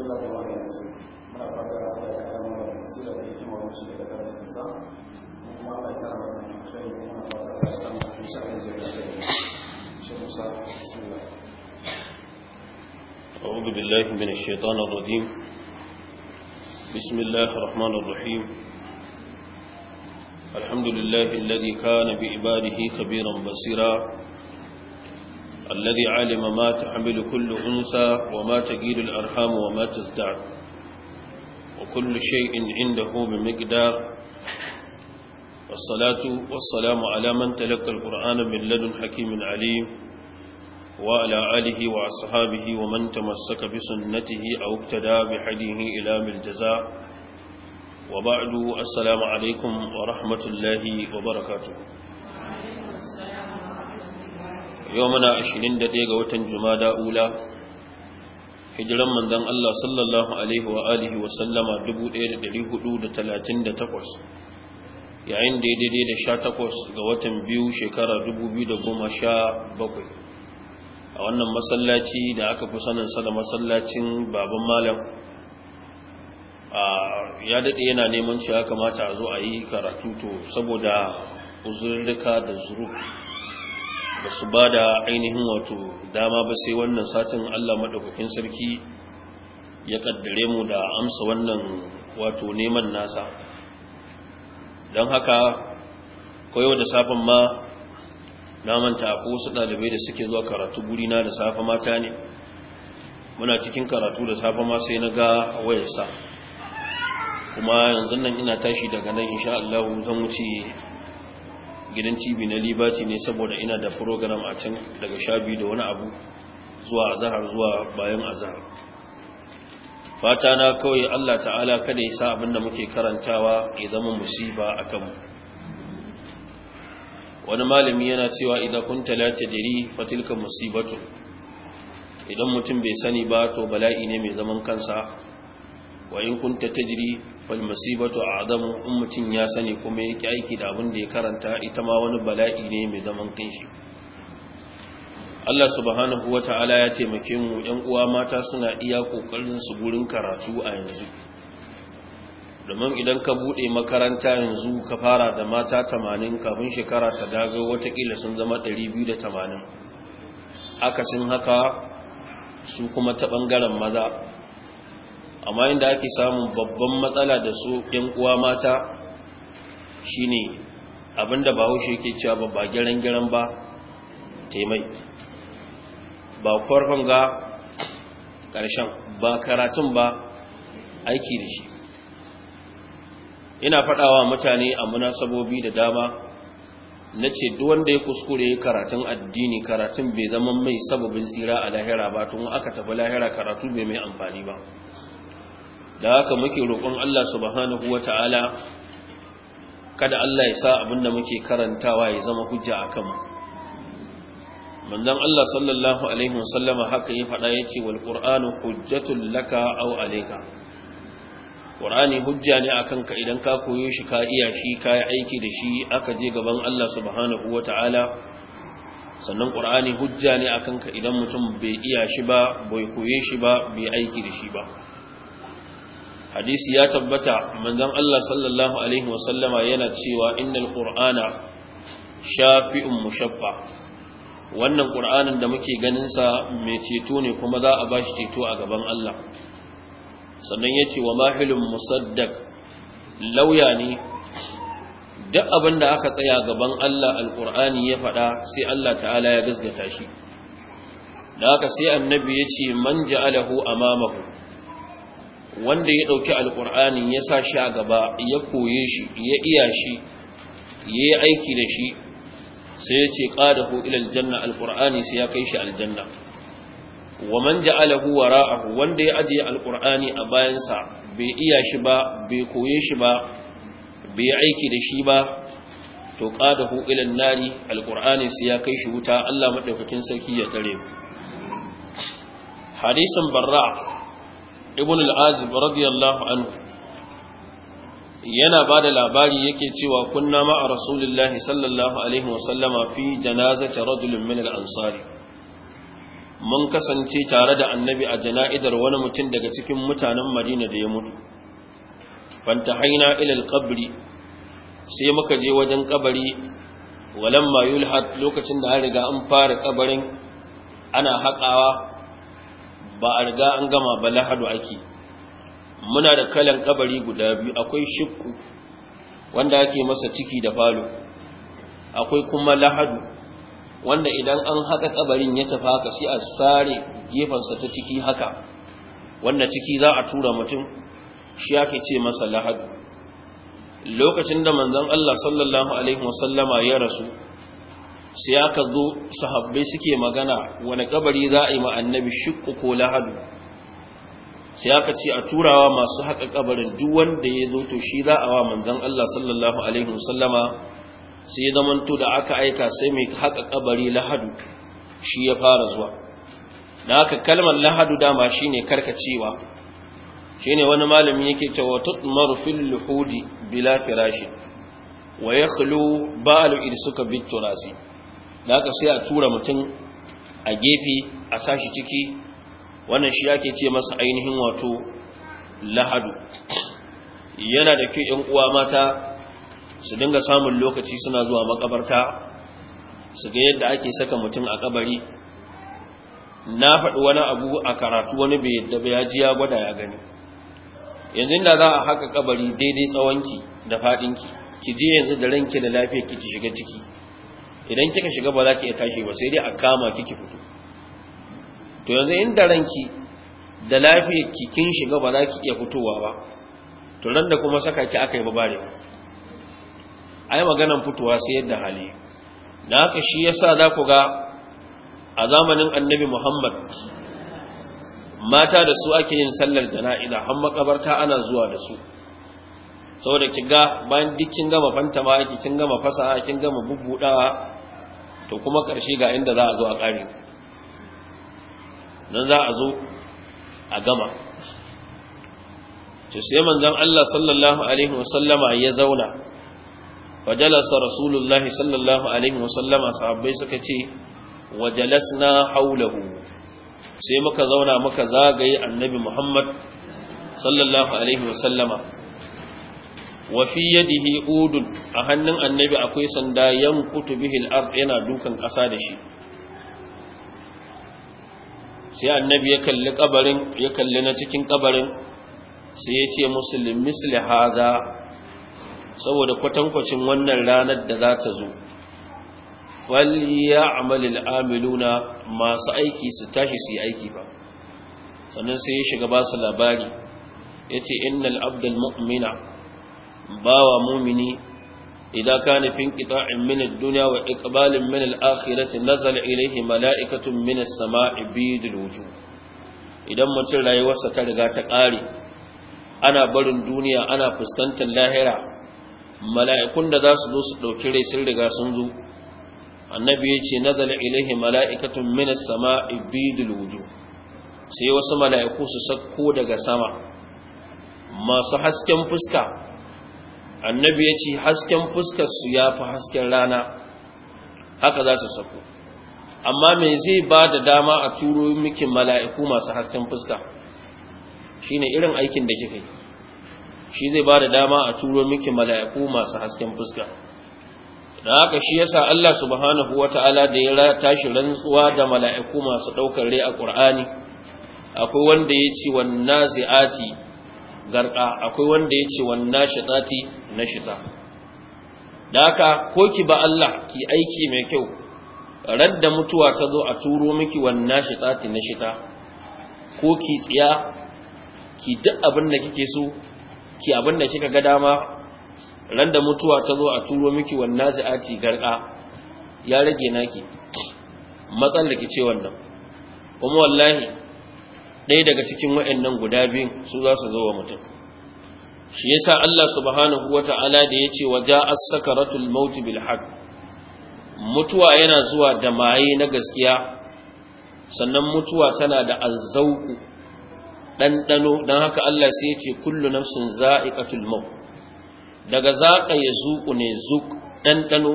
أعوذ بالله من الشيطان الرجيم بسم الله الرحمن الرحيم الحمد لله الذي كان بعباده خبيرا بصيرا الذي علم ما تحمل كل أنسى وما تجيل الأرحام وما تزداد وكل شيء عنده بمقدار والصلاة والسلام على من تلقى القرآن من لدن حكيم عليم وعلى آله وأصحابه ومن تمسك بسنته أو اقتدى بحديه إلى الجزاء وبعد السلام عليكم ورحمة الله وبركاته yau muna 21 ga watan jumada ula hijiran manzon Allah sallallahu alaihi wa alihi wa sallama 1438 yayin da daidai da 18 ga watan biyu shekara 2017 a wannan masallaci da aka fi sanin sa da masallacin baban malam ya daɗe yana neman shi ya kamata a zo a yi karatu to saboda uzurrika da zuru ba su ba da ainihin wato dama ba sai wannan satin Allah maɗaukakin sarki ya ƙaddare mu da amsa wannan wato neman nasa don haka yau da safin ma na manta ko wasu ɗalibai da suke zuwa karatu na da safe mata ne muna cikin karatu da safe ma sai na ga wayarsa kuma yanzu nan ina tashi daga nan insha Allah wuce gidan tv na liberty ne saboda ina da program a can daga sha biyu da wani abu zuwa azahar zuwa bayan azahar fata na kawai allah ta'ala kada ya sa abinda muke karantawa ya zama musiba a kanmu wani malami yana cewa idan kun talata diri fatilka musibatu idan mutum bai sani ba to bala'i ne mai zaman kansa wa in kunta tajri fal masibatu a in mutum ya sani kuma yake aiki da abin da ya karanta ita ma wani bala'i ne mai zaman kanshi Allah subhanahu wata'ala ya taimake mu ƴan uwa mata suna iya kokarin su gurin karatu a yanzu domin idan ka buɗe makaranta yanzu ka fara da mata tamanin kafin shekara ta dago watakila sun zama ɗari biyu da tamanin, akasin haka su kuma ta bangaren maza amma inda ake samun babban matsala da su 'yan uwa mata shine abinda ba haushe yake cewa ba ba gyaran ba taimai ba kwarfan ga ƙarshen ba karatun ba aiki da shi ina faɗawa mutane a munasabobi da dama na ce wanda ya kuskure karatun addini karatun bai zama mai sababin tsira a lahira ba tun aka tafi lahira karatu bai mai amfani ba da haka muke roƙon Allah subhanahu wata'ala kada Allah ya sa abin da muke karantawa ya zama hujja a kanmu manzon Allah sallallahu alaihi wasallama haka ya faɗa yace wal qur'anu hujjatul laka aw alayka qur'ani hujja ne akan ka idan ka koyo shi ka iya shi ka yi aiki da shi aka je gaban Allah subhanahu wata'ala sannan qur'ani hujja ne akan ka idan mutum bai iya shi ba bai koye shi ba bai aiki da shi ba hadisi ya tabbata manzon Allah sallallahu alaihi wasallama yana cewa innal qur'ana shafi'un mushaffa wannan qur'anin da muke ganin sa mai ceto ne kuma za a bashi ceto a gaban Allah sannan yace wa mahilun musaddaq lauya ne duk abin da aka tsaya gaban Allah alqur'ani ya faɗa sai Allah ta'ala ya gaskata shi da haka sai annabi yace man ja'alahu amamahu wanda ya ɗauki alƙur'anin ya sa shi a gaba ya koye shi ya iya shi ya yi aiki da shi sai ya ce ƙadahu ilal janna alƙur'ani sai ya kai shi aljanna wa man ja'alahu wara'ahu wanda ya ajiye alƙur'ani a bayansa bai iya shi ba bai koye shi ba bai yi aiki da shi ba to qadahu ila nari Alƙur'ani sai ya kai shi wuta Allah madaukakin sarki ya tare hadisin barra ibn al radiyallahu anhu yana ba da labari yake cewa kunna a rasulullahi sallallahu alaihi wasallama fi janazata rajulun min al-ansari mun kasance tare da annabi a jana'idar wani mutum daga cikin mutanen madina da ya mutu fanta haina ilal kabri sai muka je wajen kabari walamma yulhat lokacin da an riga an fara kabarin ana haƙawa ba a riga an gama ba lahadu ake muna da kalan kabari guda biyu akwai shukku wanda ake masa ciki da falo akwai kuma lahadu wanda idan an haka kabarin ya tafi haka sai a sare gefensa ta ciki haka wanda ciki za a tura mutum shi ake ce masa lahadu lokacin da manzon Allah sallallahu alaihi wasallama ya rasu sai aka zo sahabbai suke magana wani kabari za a yi ma annabi shukku ko lahadu sai aka ce a turawa masu haka kabarin duk wanda ya zo to shi za a wa manzon Allah sallallahu alaihi wasallama sai ya zamanto da aka aika sai mai haka kabari lahadu shi ya fara zuwa da haka kalmar lahadu dama shine karkacewa shine wani malami yake cewa tutmaru fil luhudi bila firashi wa yakhlu ba'al irsuka bit turasi da haka sai a tura mutum a gefe a sashi ciki wannan shi ake ce masa ainihin wato lahadu yana da kyau ‘yan uwa mata su dinga samun lokaci suna zuwa makabarta su ga yadda ake saka mutum a kabari na faɗi wani abu a karatu wani bai yadda ba ya ji ya gwada ya gani yanzu da za a haka kabari daidai tsawonki da faɗinki ki je yanzu da ranki da lafiya ki shiga ciki idan kika shiga ba za ki iya tashi ba sai dai a kama kiki fito to yanzu in da ranki da lafiyar ki kin shiga ba za ki iya fitowa ba to ran da kuma saka ki aka yi babare ai maganan fitowa sai yadda hali da haka shi yasa za ku ga a zamanin annabi Muhammad mata da su ake yin sallar jana'iza har makabarta ana zuwa da su saboda kiga bayan duk kin gama fanta ma kin gama fasa kin gama bubbudawa to kuma ƙarshe ga inda za a zo a ƙare nan za a zo a gama to sai manzon Allah sallallahu alaihi wasallama ya zauna fajalasa rasulullahi sallallahu alaihi wasallama sahabbai suka ce na haulahu sai muka zauna muka zagaye annabi Muhammad sallallahu alaihi wasallama wa fi yadihi udun a hannun annabi akwai sanda yan bihi al-ard yana dukan ƙasa da shi sai annabi ya kalli kabarin ya kalli na cikin kabarin sai ya ce muslim misli haza saboda kwatankwacin wannan ranar da za ta zo فليعمل amiluna masu aiki su tashi su yi aiki ba sannan sai ya shiga ba su labari yace innal abdul mu'mina bawa mumini idan kana fin qita'in min ad-dunya wa iqbalin min al-akhirati nazal ilayhi mala'ikatun min as-sama'i bidil wujuh idan mutum rayuwarsa ta riga ta ƙare ana barin duniya ana fuskantar lahira mala'ikun da za su zo su ɗauki rai sun riga sun zo annabi ya ce nazal ilayhi mala'ikatun min as-sama'i bidil wujuh sai wasu mala'iku su sakko daga sama masu hasken fuska annabi ya ce hasken fuskarsu ya fi hasken rana haka za su sako amma mai zai ba da dama a turo miki mala'iku masu hasken fuska shi ne irin aikin da kika yi shi zai ba da dama a turo miki mala'iku masu hasken fuska da haka shi yasa Allah subhanahu wa ta'ala da ya tashi rantsuwa da mala'iku masu ɗaukar rai a ƙur'ani akwai wanda ya ce wannan zi'ati garda akwai wanda ya ce wannan shitati na shita da haka ko ki ba Allah ki aiki mai kyau radda mutuwa ta zo a turo miki wannan shitati na shita ko ki tsiya ki duk abin da kike so ki abin da kika ga dama randa mutuwa ta zo a turo miki wannan za'ati garda ya rage naki matsan da ce wannan kuma wallahi ɗaya daga cikin wayannan guda biyun su za su zo wa mutum shi ya sa Allah subhanahu Ta'ala da ya ce yace waja'as sakaratul ratul bil bilhak. mutuwa yana zuwa da maye na gaskiya sannan mutuwa tana da azzauku ɗanɗano don haka Allah sai ce kullu nafsin za’iƙatul maut daga zaƙa ya zuƙu ne zuƙ ɗanɗano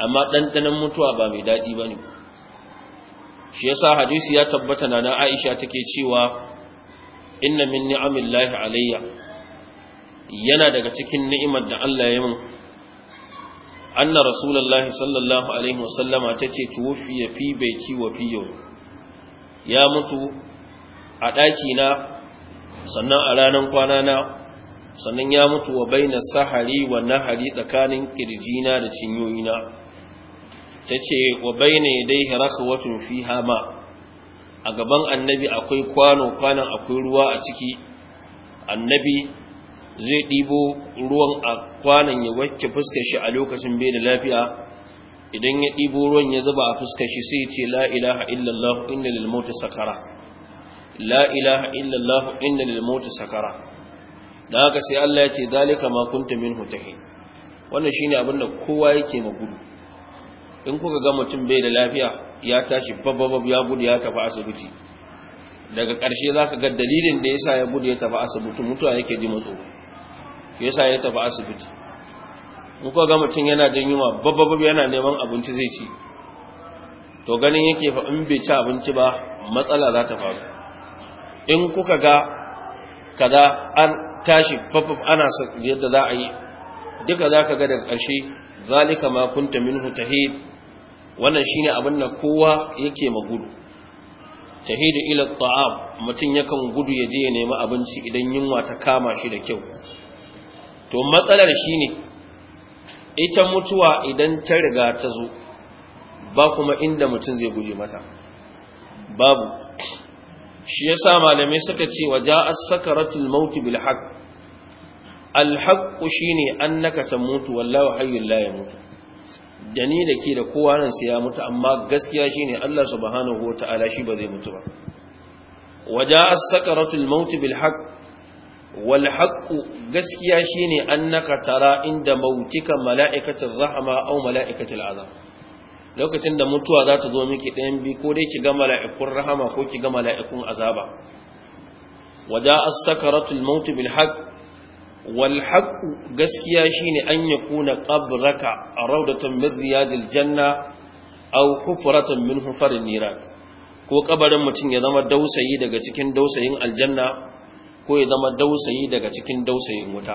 amma ɗanɗanon mutuwa ba mai daɗi ba ne shi yasa hadisi ya tabbata na na Aisha take cewa inna min ni'amillahi alayya yana daga cikin ni'imar da Allah ya min anna rasulullahi sallallahu alaihi wasallama tace ya fi baiti wa fi yau ya mutu a daki na sannan a ranan kwana na sannan ya mutu wa baina sahari wa nahari tsakanin kirjina da cinyoyina ta ce wa bayne dai watan fiha ma a gaban annabi akwai kwano kwanan akwai ruwa a ciki annabi zai ɗibo ruwan a kwanan ya wacce fuskar shi a lokacin bai da lafiya idan ya ɗibo ruwan ya zuba a fuskar shi sai ce la ilaha illallah inna lil mauti sakara la ilaha illallah inna lil mauti sakara dan haka sai Allah ya ce zalika ma kunta minhu tahin wannan shine abin da kowa yake magudu in kuka ga mutum bai da lafiya ya tashi babbabab ya gudu ya tafi asibiti daga ƙarshe za ka ga dalilin da ya sa ya gudu ya tafi asibiti mutuwa yake ji matso ya sa ya tafi asibiti in kuka ga mutum yana yi wa babbabab yana neman abinci zai ci to ganin yake fa in bai ci abinci ba matsala za ta faru in kuka ga kaza an tashi babbab ana yadda za a yi duka za ka ga daga ƙarshe zalika ma kunta minhu tahid wannan shine abin da kowa yake magudu tahid ila ta'am mutun yakan gudu yaje ya nemi abinci idan yunwa ta kama shi da kyau to matsalar shine ita mutuwa idan ta riga ta zo ba kuma inda mutun zai guje mata babu shi yasa malamai suka ce wa as-sakaratul maut bil haqq ne an annaka mutu wallawa hayyul la mutu. da ni da ke da kowa nan sai ya mutu amma gaskiya ne Allah subhanahu ta'ala shi ba zai mutu ba waja'a sakaratul maut bil haqq wal haqq gaskiya shine annaka tara inda mautika mala'ikatul rahma aw mala'ikatul azab lokacin da mutuwa za ta zo miki ɗayan bi ko dai ki ga mala'ikun rahama ko ki ga mala'ikun azaba waja'a sakaratul maut bil haqq والحق gaskiya shine أن kuna ƙabraka روضة من رياض الجنة أو حفرة من حفر النيران ko ƙabarin mutum ya zama dausayi daga cikin dausayin aljanna ko ya zama dausayi daga cikin dausayin wuta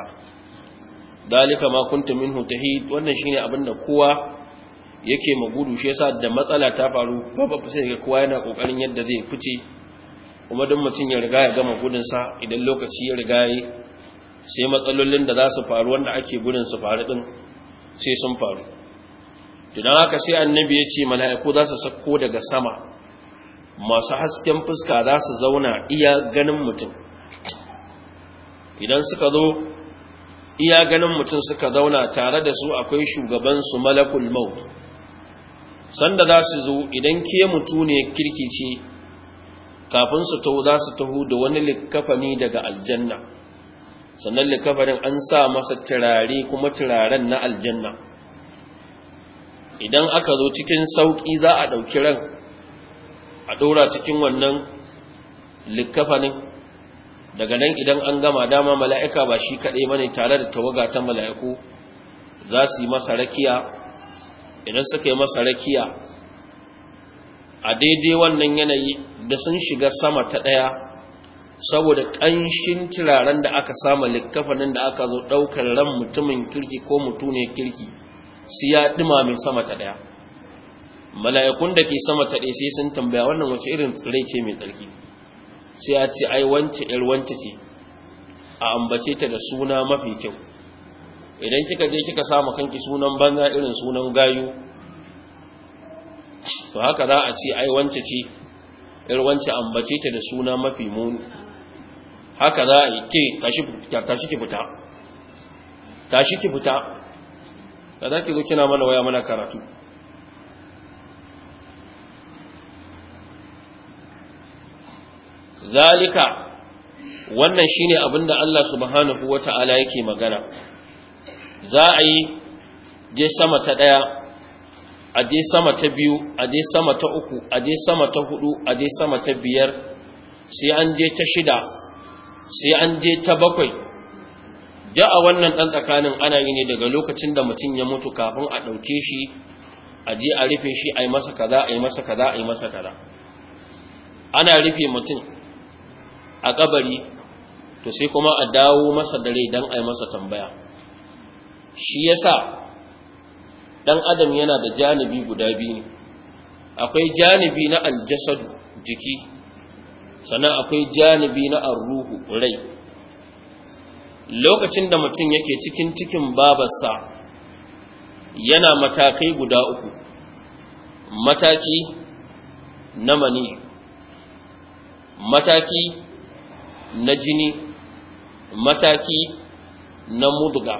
dalika ma kuntum minhu tahid wannan shine abinda kowa yake magudu shi yasa da matsala ta faru babba sai ga kowa yana kokarin yadda zai fice kuma duk mutum ya riga ya gama gudun sa idan lokaci ya riga yi sai matsalolin da za su faru wanda ake gudun su faru ɗin, sai sun faru tunan haka sai annabi ya ce mala'iku za su sako daga sama masu hasken fuska za su zauna iya ganin mutum idan suka zo iya ganin mutum suka zauna tare da su akwai shugabansu malakul maut sanda za su zo idan ke mutu ne kirkici kafin su taho za su taho da wani likafani daga aljanna sannan likafarin an sa masa turare kuma turaren na aljanna idan aka zo cikin sauƙi za a ɗauki ran a ɗora cikin wannan likafanin daga nan idan an gama dama mala'ika ba shi kaɗai mane tare da tawaga ta mala'iku za su yi masa rakiya idan suka yi masa rakiya a daidai wannan yanayi da sun shiga sama ta ɗaya saboda ƙanshin turaren da aka sama likkafanin da aka zo ɗaukar ran mutumin kirki ko mutune kirki su ya ɗima mai sama ta ɗaya mala'ikun da ke sama ta ɗaya sai sun tambaya wannan wace irin tsirrai ce mai tsarki sai ya ce ai wance ƴar wance ce a ambace ta da suna mafi kyau idan kika je kika sama kanki sunan banza irin sunan gayu to haka za a ce ai wance ce ƴar wance ambace ta da suna mafi muni haka za a yi ke tashi ki fita tashi ki fita da za ki zo kina mana waya mana karatu zalika wannan shine abinda da Allah subhanahu ta'ala yake magana za a yi je sama ta ɗaya a je sama ta biyu a je sama ta uku a je sama ta hudu a je sama ta biyar sai an je ta shida sai an je ta bakwai ja a wannan ɗan tsakanin ana yi ne daga lokacin da mutum ya mutu kafin a ɗauke shi a je a rufe shi a yi masa kaza a yi masa kaza a yi masa kaza ana rufe mutum a kabari to sai kuma a dawo masa dare don a yi masa tambaya shi yasa ɗan adam yana da janibi guda biyu akwai janibi na aljasadu jiki sannan akwai janibi na arruhu rai lokacin da mutum yake cikin cikin babarsa yana matakai guda uku mataki na mani mataki na jini mataki na mudga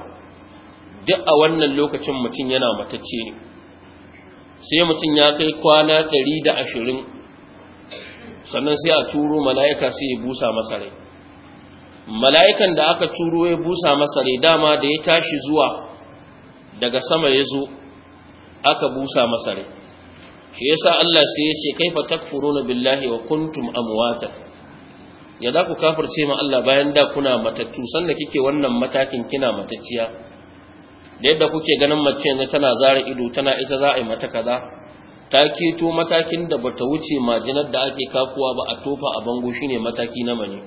duk a wannan lokacin mutum yana matacce ne sai mutum ya kai kwana ɗari da ashirin. sannan sai a turo mala'ika sai ya busa masare. mala'ikan da aka turo ya busa masare dama da ya tashi zuwa daga sama ya zo aka busa masare. rai shi yasa Allah sai ya ce kaifa na billahi wa kuntum amwata ya za ku kafirce ma Allah bayan da kuna matattu sannan kike wannan matakin kina matacciya da yadda kuke ganin mace na tana zara ido tana ita za a yi mata kaza ta keto matakin da bata wuce majinar da ake kakuwa ba a tofa a bango shine mataki na mani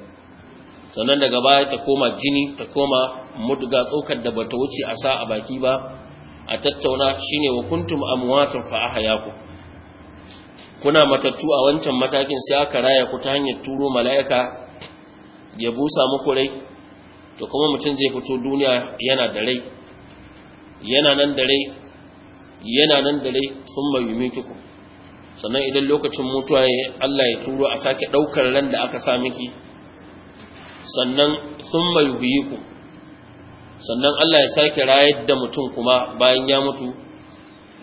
sannan daga baya ta koma jini ta koma mudga tsokar da bata wuce a sa a baki ba a tattauna shine wa kuntum amwatun fa ahyaku kuna matattu a wancan matakin sai aka raya ku ta hanyar turo mala'ika ya busa muku rai to kuma mutum zai fito duniya yana da yana nan da rai yana nan da rai sun mai yumituku sannan idan lokacin mutuwa ya Allah ya turo a sake ɗaukar ran da aka sa miki sannan sun mai ku sannan Allah ya sake rayar da mutum kuma bayan ya mutu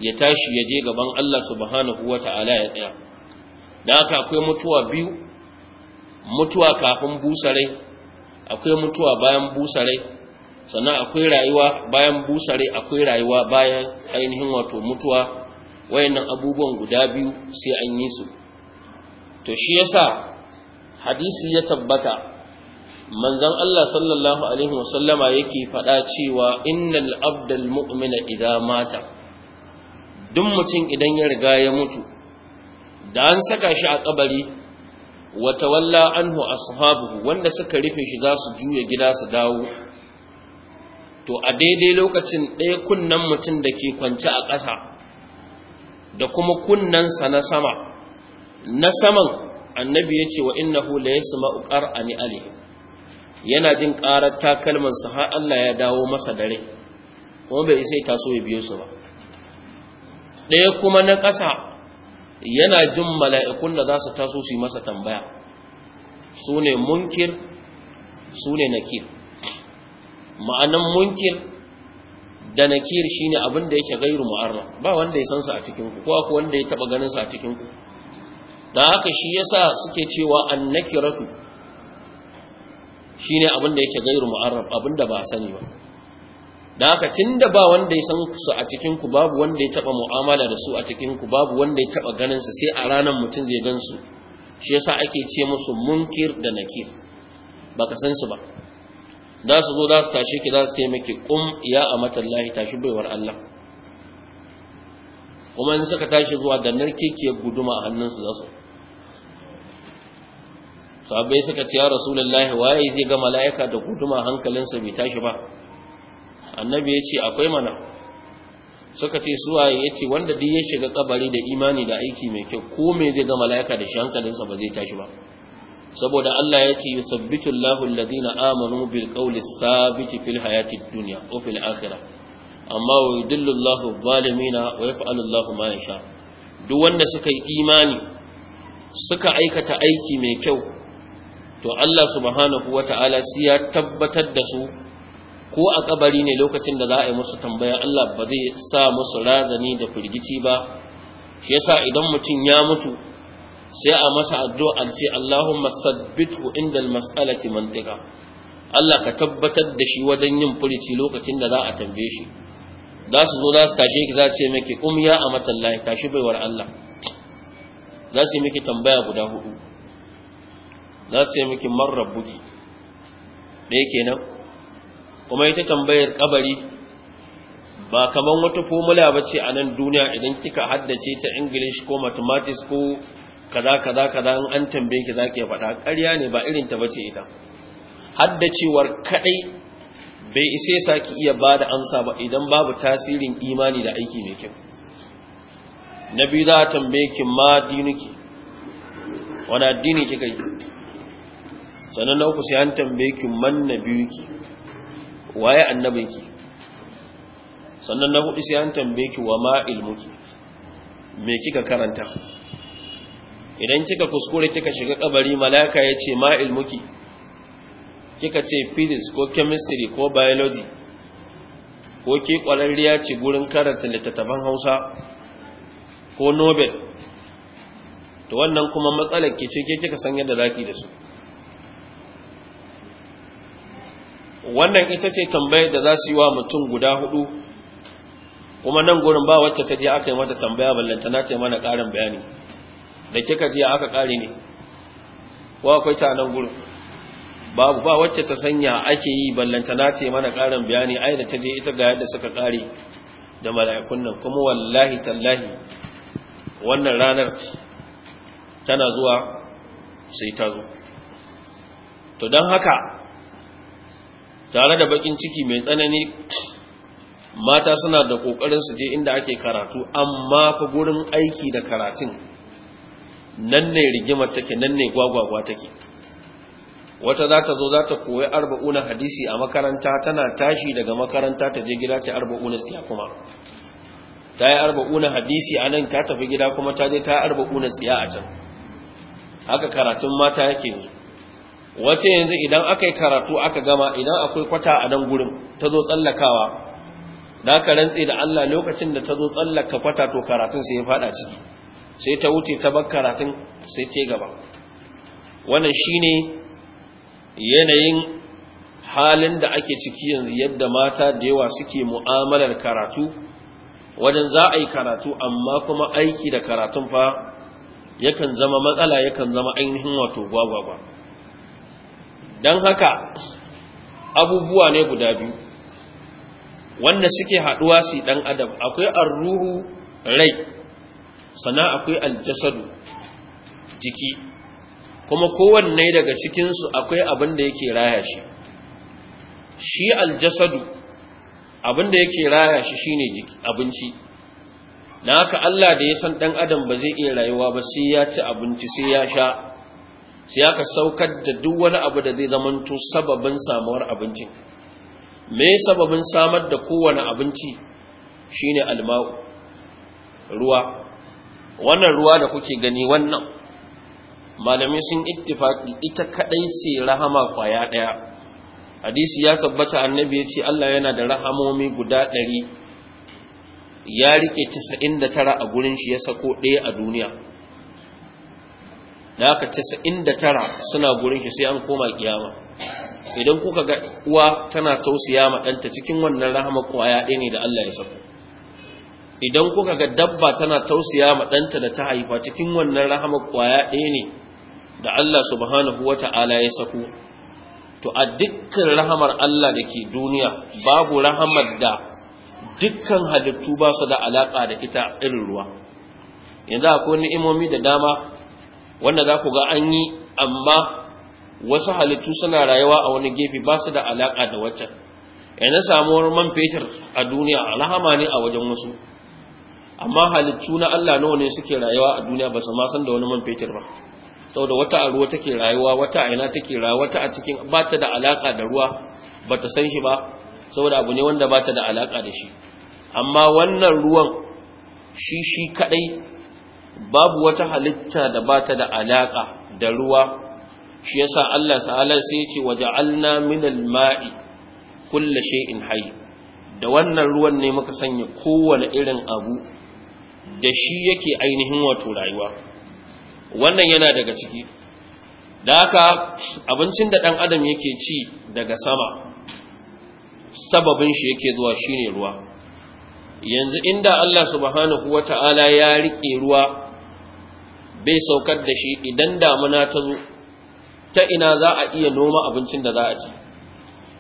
ya tashi ya je gaban Allah subhanahu wa ta'ala ya tsaya da aka akwai mutuwa biyu mutuwa kafin busarai akwai mutuwa bayan rai. sannan akwai rayuwa bayan busare akwai rayuwa bayan ainihin wato mutuwa wayannan abubuwan guda biyu sai an yi su to shi yasa hadisi ya tabbata manzon Allah sallallahu alaihi wasallama yake faɗa cewa innal abdal mu'mina idza mata duk mutum idan ya riga ya mutu da an saka shi a kabari wa tawalla anhu ashabuhu wanda suka rufe shi za su juya gida su dawo to a daidai lokacin ɗaya kunnen mutum da ke kwance a ƙasa da kuma kunnensa na sama na saman annabi ya ce wa hula ya su ma'ukar ani ali yana jin ƙarar takalman su har Allah ya dawo masa dare kuma bai isai taso ya biyo su ba ɗaya kuma na ƙasa yana jin mala'ikun da za su taso su yi masa tambaya su ne munkir su ne nakir ma'anan munkir da nakir shine abin da yake gairu mu'arraf ba wanda ya san sa a cikin ku kowa ko wanda ya taba ganin sa a cikin ku dan haka shi yasa suke cewa annakiratu shine abin da yake gairu mu'arraf abin da ba a sani ba dan haka tunda ba wanda ya san su a cikin ku babu wanda ya taba mu'amala da su a cikin ku babu wanda ya taba ganin su sai a ranan mutun zai gan su shi yasa ake ce musu munkir da nakir baka san su ba za su zo za su tashe ki za su taimaki kum ya amatallahi tashi baiwar Allah kuma in suka tashi zuwa da ke guduma a hannunsu za su Sabai suka ciya ya rasulullahi waye zai ga mala'ika da guduma hankalinsa bai tashi ba annabi ya ce akwai mana suka ce su ya ce wanda duk ya shiga kabari da imani da aiki mai kyau ko me zai ga mala'ika da shi hankalinsa ba zai tashi ba saboda Allah ya ce yusabbitu Allahu alladhina amanu bil qawli thabiti fil hayati dunya wa fil akhirah amma wa yudillu Allahu zalimina wa yaf'alu Allahu ma yasha duk wanda suka yi imani suka aikata aiki mai kyau to Allah subhanahu wata'ala sai ya tabbatar da su ko a kabari ne lokacin da za a yi musu tambaya Allah ba zai sa musu razani da firgici ba shi yasa idan mutum ya mutu sai a masa addu'a ce Allahumma sabbitu inda al-mas'alati mantiqa Allah ka tabbatar da shi wajen yin furici lokacin da za a tambaye shi za su zo za su tashe ki za su ce miki kum ya amatallahi tashi baiwar Allah za su yi miki tambaya guda hudu za su yi miki man rabbuki yake nan? kuma ita tambayar kabari ba kaman wata formula ba ce a nan duniya idan kika haddace ta english ko mathematics ko kaza kaza kaza in an tambaye ki zaki ya faɗa ƙarya ne ba irin ta bace ita hadda cewar kadai bai ise saki iya bada amsa ba idan babu tasirin imani da aiki mai kyau nabi za a tambaye ki ma dinuki wani addini kika yi sannan na uku sai an tambaye ki man nabiyuki waye annabinki sannan na hudu sai an tambaye ki wa ma ilmuki me kika karanta idan kika kuskure kika shiga kabari malaka ya ce ma ilmuki kika ce physics ko chemistry ko biology ko ke kwararriya ce gurin karanta littattafan hausa ko nobel to wannan kuma matsalar ke ce ke kika san yadda zaki da su wannan ita ce tambayar da za su yi wa mutum guda hudu kuma nan gurin ba wacce ta je aka yi mata tambaya ballantana ta yi mana karin bayani da kika ji aka kare ne wa akwai ta nan gurin babu ba wacce ta sanya ake yi ballantana ce mana karin bayani ai da ta je ita ga yadda suka kare da mala'ikun nan kuma wallahi tallahi wannan ranar tana zuwa sai ta zo to dan haka tare da bakin ciki mai tsanani mata suna da kokarin su je inda ake karatu amma fa gurin aiki da karatun nan ne rigimar take nan ne gwagwagwa take wata za ta zo za ta koyi arba'una hadisi a makaranta tana tashi daga makaranta ta je gida ta arba'una tsiya kuma ta yi arba'una hadisi a nan ta tafi gida kuma ta je ta arba'una tsiya a can haka karatun mata yake yanzu wace yanzu idan aka yi karatu aka gama idan akwai kwata a nan gurin ta zo tsallakawa da ka rantse da Allah lokacin da ta zo tsallaka kwata to karatun sai ya fada ciki sai ta wuce ta bar karatun sai ta gaba wannan shine yanayin halin da ake ciki yanzu yadda mata da yawa suke mu'amalar karatu wajen za a yi karatu amma kuma aiki da karatun fa yakan zama matsala yakan zama ainihin wato gwagwagwa don haka abubuwa ne guda biyu wanda suke haɗuwa su ɗan adam akwai arruhu rai sana akwai aljasadu jiki kuma kowanne daga cikinsu akwai abin da yake raya shi shi aljasadu abin da yake raya shi shine abinci na haka Allah da ya san ɗan adam ba zai iya rayuwa ba sai ya ci abinci sai ya sha sai ya ka saukar da duk wani abu da zai zamanto sababin samuwar abincin me sababin samar da kowane abinci shine alma'u ruwa wannan ruwa da kuke gani wannan malamai sun ittifaki ita kadai ce rahama kwaya daya hadisi ya tabbata annabi ya ce Allah yana da rahamomi guda ɗari ya rike 99 a gurin shi ya sako ɗaya a duniya da aka 99 suna gurin shi sai an koma kiyama idan kuka ga uwa tana tausaya ma ɗanta cikin wannan rahama kwaya ɗaya ne da Allah ya sako idan kuka ga dabba tana tausaya ma ɗanta da ta haifa cikin wannan rahama kwaya ɗaya ne da Allah subhanahu wata'ala ya sako to a dukkan rahamar Allah da ke duniya babu rahamar da dukkan halittu ba su da alaƙa da ita irin ruwa yanzu akwai ni'imomi da dama wanda za ku ga an yi amma wasu halittu suna rayuwa a wani gefe ba su da alaƙa da waccan yanzu samuwar man fetur a duniya rahama ne a wajen wasu amma halittu na Allah nawa ne suke rayuwa a duniya ba su ma san da wani man fetur ba saboda wata a ruwa take rayuwa wata a ina take rayuwa wata a cikin ba ta da alaka da ruwa ba ta san shi ba saboda abu ne wanda ba ta da alaka da shi amma wannan ruwan shi shi kadai babu wata halitta da ba ta da alaka da ruwa shi yasa Allah ta'ala sai ya ce waja'alna al ma'i kullu shay'in hayy da wannan ruwan ne muka sanya kowane irin abu da shi yake ainihin wato rayuwa wannan yana daga ciki da haka abincin da ɗan adam yake ci daga sama sababin shi yake zuwa shine ruwa yanzu inda Allah subhanahu Ta'ala ya riƙe ruwa bai saukar da shi idan damuna ta zo ta ina za a iya noma abincin da za a ci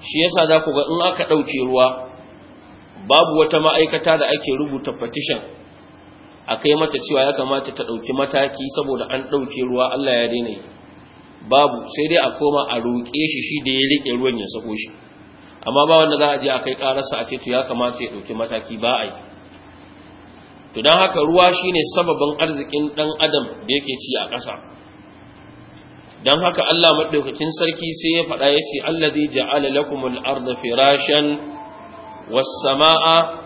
shi yasa za ku ga in aka ɗauke ruwa babu wata ma'aikata da ake rubuta petition a kai mata cewa ya kamata ta ɗauki mataki saboda an ɗauke ruwa Allah ya daina yi babu sai dai a koma a roƙe shi shi da ya riƙe ruwan ya sako shi amma ba wanda za a je a kai ƙararsa a ce to ya kamata ya ɗauki mataki ba a yi to don haka ruwa shine sababin arzikin ɗan adam da yake ci a ƙasa don haka Allah maɗaukakin sarki sai ya faɗa ya ce allazi ja'ala lakumul arda firashan was sama'a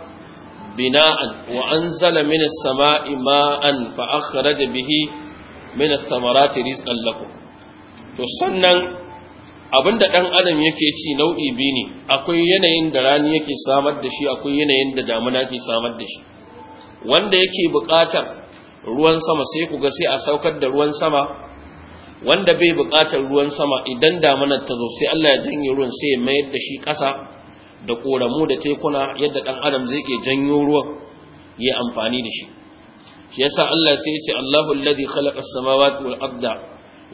bina'an wa من السماء ماء ma'an fa من bihi رزقا لكم rizqan lakum to sannan abinda dan adam yake ci nau'i biyu ne akwai yanayin da rani yake samar da shi akwai yanayin da damuna ke samar da shi wanda yake buƙatar ruwan sama sai ku ga sai a saukar da ruwan sama wanda bai buƙatar ruwan sama idan damunar ta zo sai Allah ya janye ruwan sai ya mayar da shi ƙasa da koramu da tekuna yadda ɗan adam zai ke janyo ruwan ya amfani da shi shi yasa Allah sai ya ce Allahu alladhi khalaqa as-samawati wal arda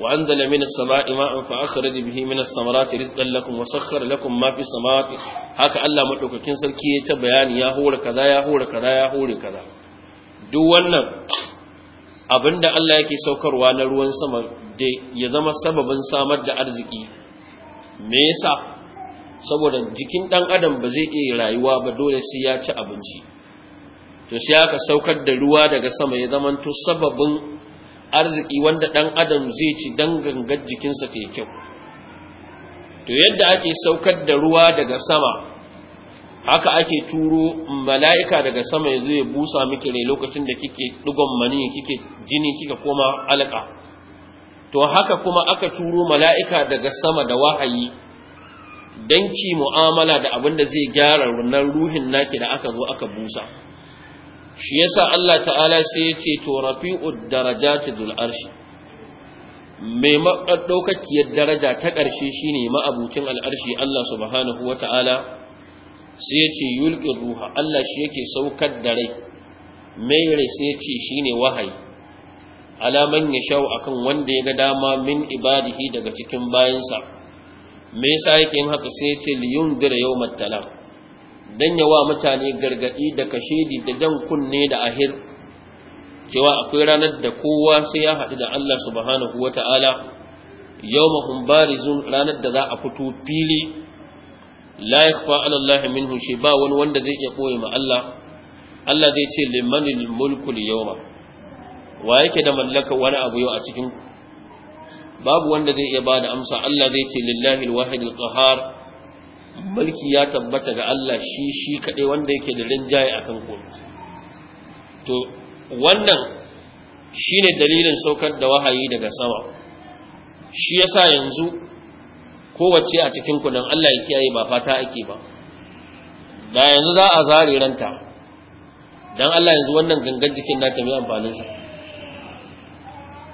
wa anzala minas sama'i ma'an fa akhraj bihi minas samarati rizqan lakum wa sakhkhara lakum ma fis samawati haka Allah madaukakin sarki ya ta bayani ya hore kaza ya hore kaza ya hore kaza duk wannan abinda Allah yake saukarwa na ruwan sama da ya zama sababin samar da arziki me yasa saboda jikin ɗan adam ba zai iya rayuwa ba dole sai ya ci abinci to sai aka saukar da ruwa daga sama ya to sababin arziki wanda ɗan adam zai ci dan gangar jikinsa ta kyau to yadda ake saukar da ruwa daga sama haka ake turo mala'ika daga sama ya zai busa miki ne lokacin da kike ɗigon mani kike jini kika koma alƙa to haka kuma aka turo mala'ika daga sama da wahayi danki mu'amala da abin da zai gyara wannan ruhin naki da aka zo aka busa shi yasa Allah ta'ala sai ya ce to rafi'ud dul arshi mai madaukakiyar daraja ta karshe shine ma'abucin al'arshi Allah subhanahu wata'ala sai ya ce yulqir ruha Allah shi yake saukar da rai mai rai sai ya ce shine wahayi alaman ya akan wanda ya ga dama min ibadihi daga cikin bayansa me yasa yake yin haka sai yace li yundira yawmat talaq dan yawa mutane gargadi da kashedi da jan kunne da ahir cewa akwai ranar da kowa sai ya haɗu da Allah subhanahu wata'ala yawmahum barizun ranar da za a fito fili la yakhfa 'ala Allah minhu ba wani wanda zai iya koyi ma Allah Allah zai ce limanil mulku al-yawma wa yake da mallaka wani abu yau a cikin babu wanda zai iya bada amsa Allah zai ce lillahi alwahid alqahar mulki ya tabbata ga Allah shi shi kadai wanda yake da rinjaye akan komai to wannan shine dalilin saukar da wahayi daga sama shi yasa yanzu kowace a cikin ku nan Allah ya kiyaye ba fata ake ba da yanzu za a zare ranta dan Allah yanzu wannan gangan jikin nata mai amfanin sa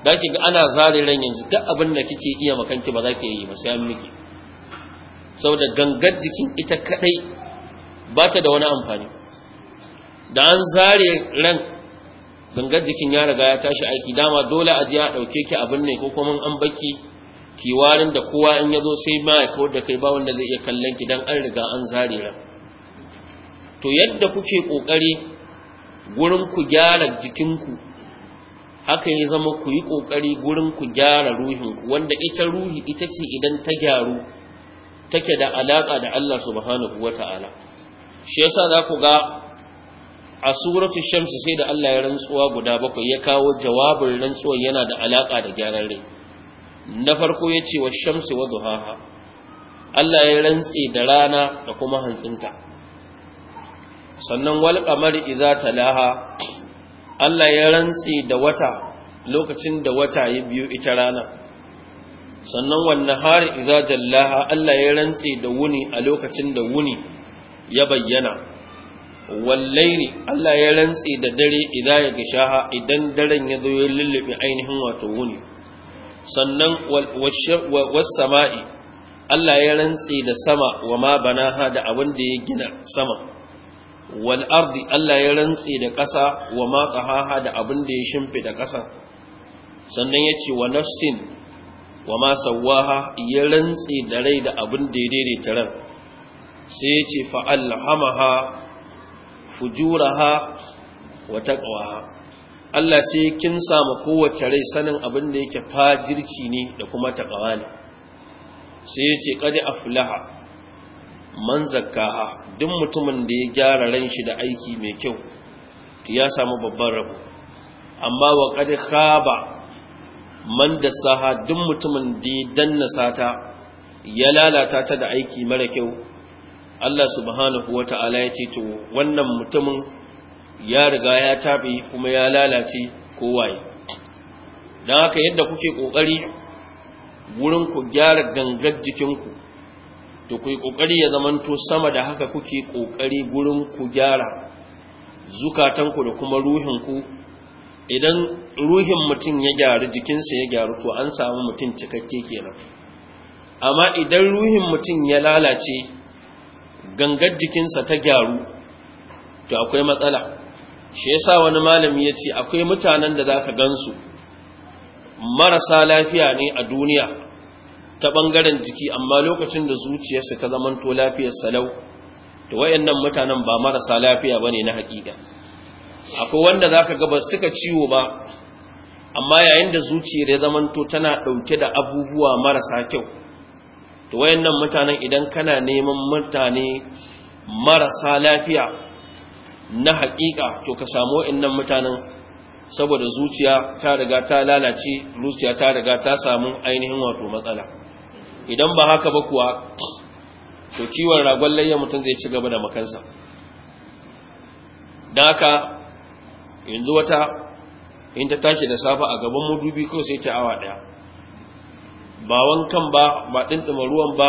da ki ga ana zare ran yanzu duk abin da kike iya makanki ba za ki yi ba sai miki saboda gangar jikin ita kadai ba ta da wani amfani da an zare ran gangar jikin ya riga ya tashi aiki dama dole a ji a dauke ki abin ne ko kuma an baki ki warin da kowa in yazo sai ma ya kawar da kai ba wanda zai iya kallon ki dan an riga an zare ran to yadda kuke kokari gurin ku gyara jikinku haka ya zama ku yi ƙoƙari gurin ku gyara ruhinku wanda ita ruhi ita ce idan ta gyaru take da alaƙa da Allah subhanahu wa ta'ala shi yasa za ku ga a suratul shamsi sai da Allah ya rantsuwa guda bakwai ya kawo jawabin rantsuwar yana da alaƙa da gyaran rai na farko ya ce wa Shamsu wa duhaha Allah ya rantse da rana da kuma hantsinta sannan wal qamari idza talaha Allah ya rantsi da wata lokacin da wata ya biyo ita rana sannan wannan har idza jallaha Allah ya rantsi da wuni a lokacin da wuni ya bayyana wallaili Allah ya rantsi da dare idza ya gishaha idan daren ya zo ya lullube ainihin wato wuni sannan was sama'i Allah ya rantsi da sama wa ma banaha da abin da ya gina sama wal ardi Allah ya rantse da ƙasa wa ma qahaha da abin da ya shimfi da ƙasa sannan yace wa nafsin wa ma sawaha ya rantse da rai da abin da ya daidaita ran sai yace fa alhamaha fujuraha wa taqwaha Allah sai kin samu kowace rai sanin abin da yake fajirci ne da kuma taqwa ne sai yace qad aflaha man zakkaha duk mutumin da ya gyara ran shi da aiki mai kyau ya samu babban rabo amma wa qad khaba man saha duk mutumin da ya danna sata ya lalata ta da aiki mara kyau Allah subhanahu wata'ala ya ce to wannan mutumin ya riga ya tafi kuma ya lalace waye don haka yadda kuke kokari wurin ku gyara gangar jikinku to ku yi ƙoƙari ya zamanto sama da haka kuke ƙoƙari gurin ku gyara zukatanku da kuma ruhinku idan ruhin mutum ya gyaru jikinsa ya gyaru to an samu mutum cikakke kenan amma idan ruhin mutum ya lalace gangar jikinsa ta gyaru to akwai matsala shi yasa wani malami ya ce akwai mutanen da za ka gansu marasa lafiya ne a duniya ta ɓangaren jiki amma lokacin da zuciyarsa ta zamanto lafiyar salau da wayannan mutanen ba marasa lafiya ba ne na haƙiƙa akwai wanda za ka gaba suka ciwo ba amma yayin da zuciyar ya zamanto tana ɗauke da abubuwa marasa kyau da wayannan mutanen idan kana neman mutane marasa lafiya na haƙiƙa to ka samu wayannan mutanen saboda zuciya ta riga ta lalace zuciya ta riga ta samu ainihin wato matsala idan ba haka ba kuwa to kiwon ragon layya mutum zai ci gaba da makansa Da haka yanzu wata in ta tashi da safa a gaban mudubi ko sai ta awa daya ba wankan ba ba ɗinɗima ruwan ba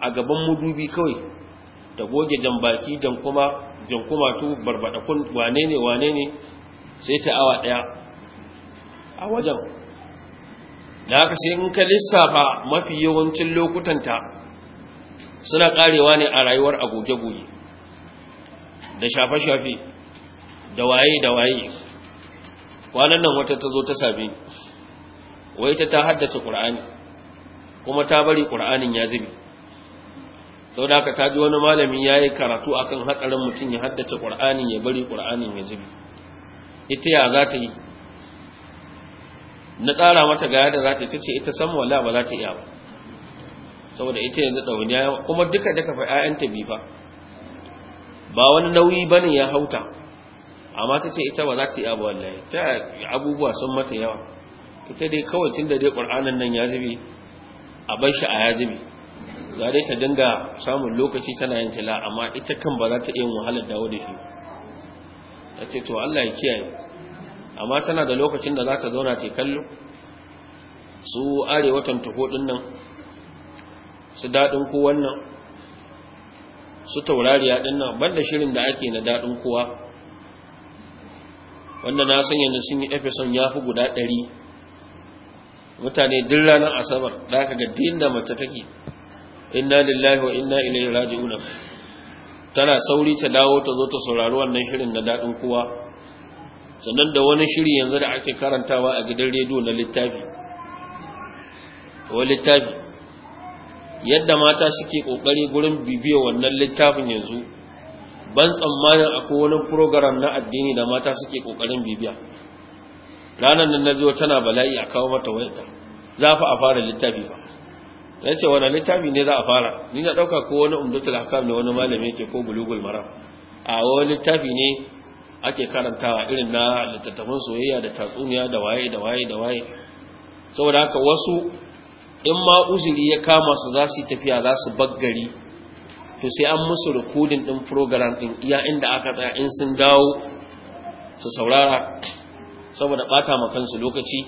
a gaban mudubi kawai ta goge jan baki jan kuma jan kuma tu barbaɗa kun wane ne wane ne sai ta awa daya a wajen da haka sai in ka lissafa mafi yawancin lokutan ta suna karewa ne a rayuwar agoge-goge da shafe-shafe da waye da waye kwanan nan wata ta zo ta same wai ta ta haddace ƙur'ani kuma ta bari ƙur'anin ya zubi sau da aka taji wani malami ya yi karatu akan hatsarin mutum ya haddace ƙur'anin ya bari ƙur'anin ya zubi ita ya za ta yi na tsara mata gaya da za ta ta ce ita san wala ba za ta iya ba saboda ita yanzu ɗauniya kuma duka duka fa ‘ya'yanta bi ba ba wani nauyi ba ne ya hauta amma ta ce ita ba za ta iya ba wallahi ta abubuwa sun mata yawa ita dai kawai tun da dai ƙur'anan nan ya zubi a bar shi a ya zubi Za dai ta dinga samun lokaci tana yin tila amma ita kan ba za ta iya wahalar dawo da shi ta ce to Allah ya kiyaye amma tana da lokacin da za ta zauna ce kallo su are watan tuhodin nan su daɗin kowan nan su taurariya ɗin nan banda shirin da ake na daɗin kowa wanda na san yanzu sun yi efeson ya fi guda ɗari mutane duk ranar asabar da aka ga da mace take inna lillahi wa inna ilaihi raji'una tana sauri ta dawo ta zo ta saurari wannan shirin na daɗin kowa sannan da wani shiri yanzu da ake karantawa a gidan rediyo na littafi littafi yadda mata suke kokari gurin bibiya wannan littafin yanzu ban tsammanin akwai wani program na addini da mata suke kokarin bibiya ranar nan na zuwa tana bala'i a kawo mata wayarta za fa a fara littafi fa na ce wani littafi ne za a fara ni na ɗauka ko wani umdutul hakam ne wani malami yake ko bulugul mara. a wani littafi ne ake karantawa irin na littattafan soyayya da tatsuniya da waye da waye da waye saboda haka wasu in ma uzuri ya kama su za su tafiya za su baggari to sai an musu rikodin ɗin program din iya inda aka tsaya in sun dawo su saurara saboda ma kansu lokaci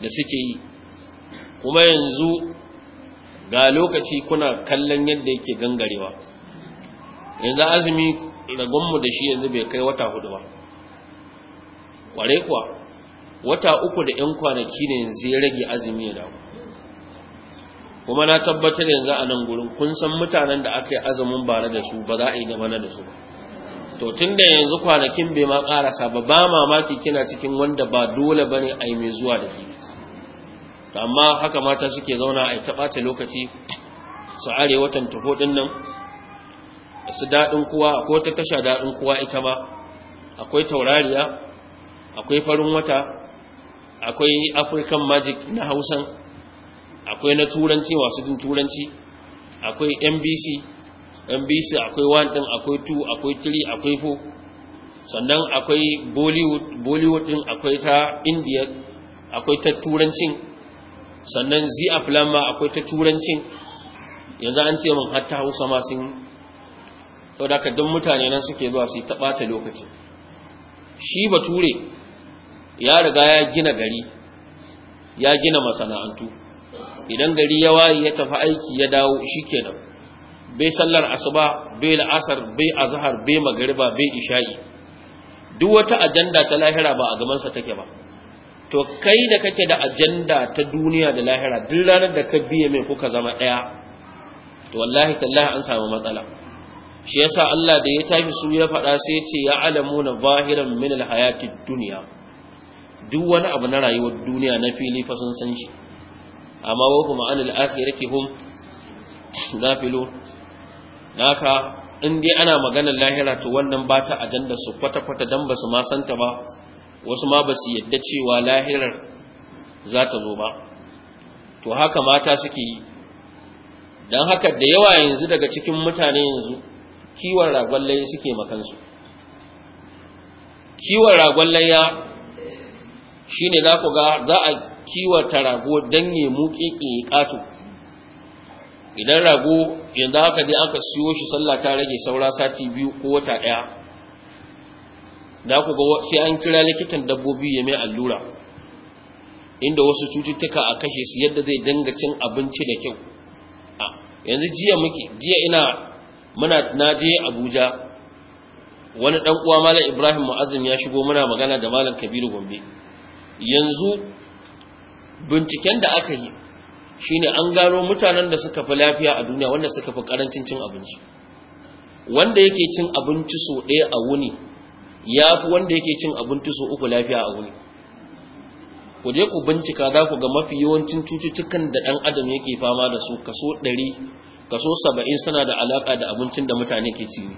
da suke yi kuma yanzu ga lokaci kuna kallon yadda yake gangarewa yanzu azumi ragonmu da shi yanzu bai kai wata hudu ba ƙware kuwa wata uku da 'yan kwanaki ne yanzu ya rage azumi da ku. kuma na tabbatar yanzu a nan gurin kun san mutanen da aka yi azumin bara da su ba za a yi gaba na da su to tun da yanzu kwanakin bai ma ƙarasa ba ba mamaki kina cikin wanda ba dole ba ne a yi mai zuwa da shi amma haka mata suke zauna a yi taɓata lokaci su are watan taho ɗin nan su daɗin kuwa akwai wata tasha daɗin kuwa ita ma akwai taurariya akwai farin wata akwai african magic na hausan akwai na turanci wasu din turanci akwai mbc mbc akwai one din akwai 2 akwai 3 akwai 4 sannan akwai bollywood bollywood din akwai ta india akwai ta turancin sannan zia plama akwai ta turancin yanzu an ce min hatta hausa ma sun sau da kaddun mutane nan suke zuwa su yi taɓata lokacin shi bature ya riga ya gina gari ya gina masana'antu idan gari ya waye ya tafi aiki ya dawo shi kenan bai sallar asuba bai la'asar bai Azahar, bai magariba bai isha'i duk wata ajanda ta lahira ba a gabansa take ba to kai da kake da ajanda ta duniya da lahira duk ranar da ka biye mai kuka zama ɗaya to wallahi tallahi an samu matsala shi yasa Allah da ya tashi su ya faɗa sai ce ya alamu na zahiran min alhayatid dunya duk wani abu na rayuwar duniya na fili fa sun san shi amma wa kuma anil akhirati hum nafilu naka in dai ana maganar lahira to wannan ba ta ajanda su kwata-kwata dan ba su ma santa ba wasu ma ba su yadda cewa lahirar za ta zo ba to haka mata suke yi don haka da yawa yanzu daga cikin mutane yanzu kiwon ragon layya suke makansu kiwon ragon layya shi ne za ku ga za a kiwata rago don ya muƙe ƙato idan rago yanzu haka dai aka siyo shi sallah ta rage saura sati biyu ko wata ɗaya za ku ga sai an kira likitan dabbobi ya mai allura inda wasu cututtuka a kashe su yadda zai dinga cin abinci da kyau yanzu jiya muke jiya ina muna na je abuja wani dan uwa malam ibrahim mu'azzin ya shigo muna magana da malam kabiru gombe yanzu binciken da aka yi shine an gano mutanen da suka fi lafiya a duniya wanda suka fi karancin cin abinci wanda yake cin abinci so ɗaya a wuni ya fi wanda yake cin abinci so uku lafiya a wuni ku je ku bincika za ku ga mafi yawancin cututtukan da ɗan adam yake fama da su kaso ɗari kaso saba'in suna da alaƙa da abincin da mutane ke ci ne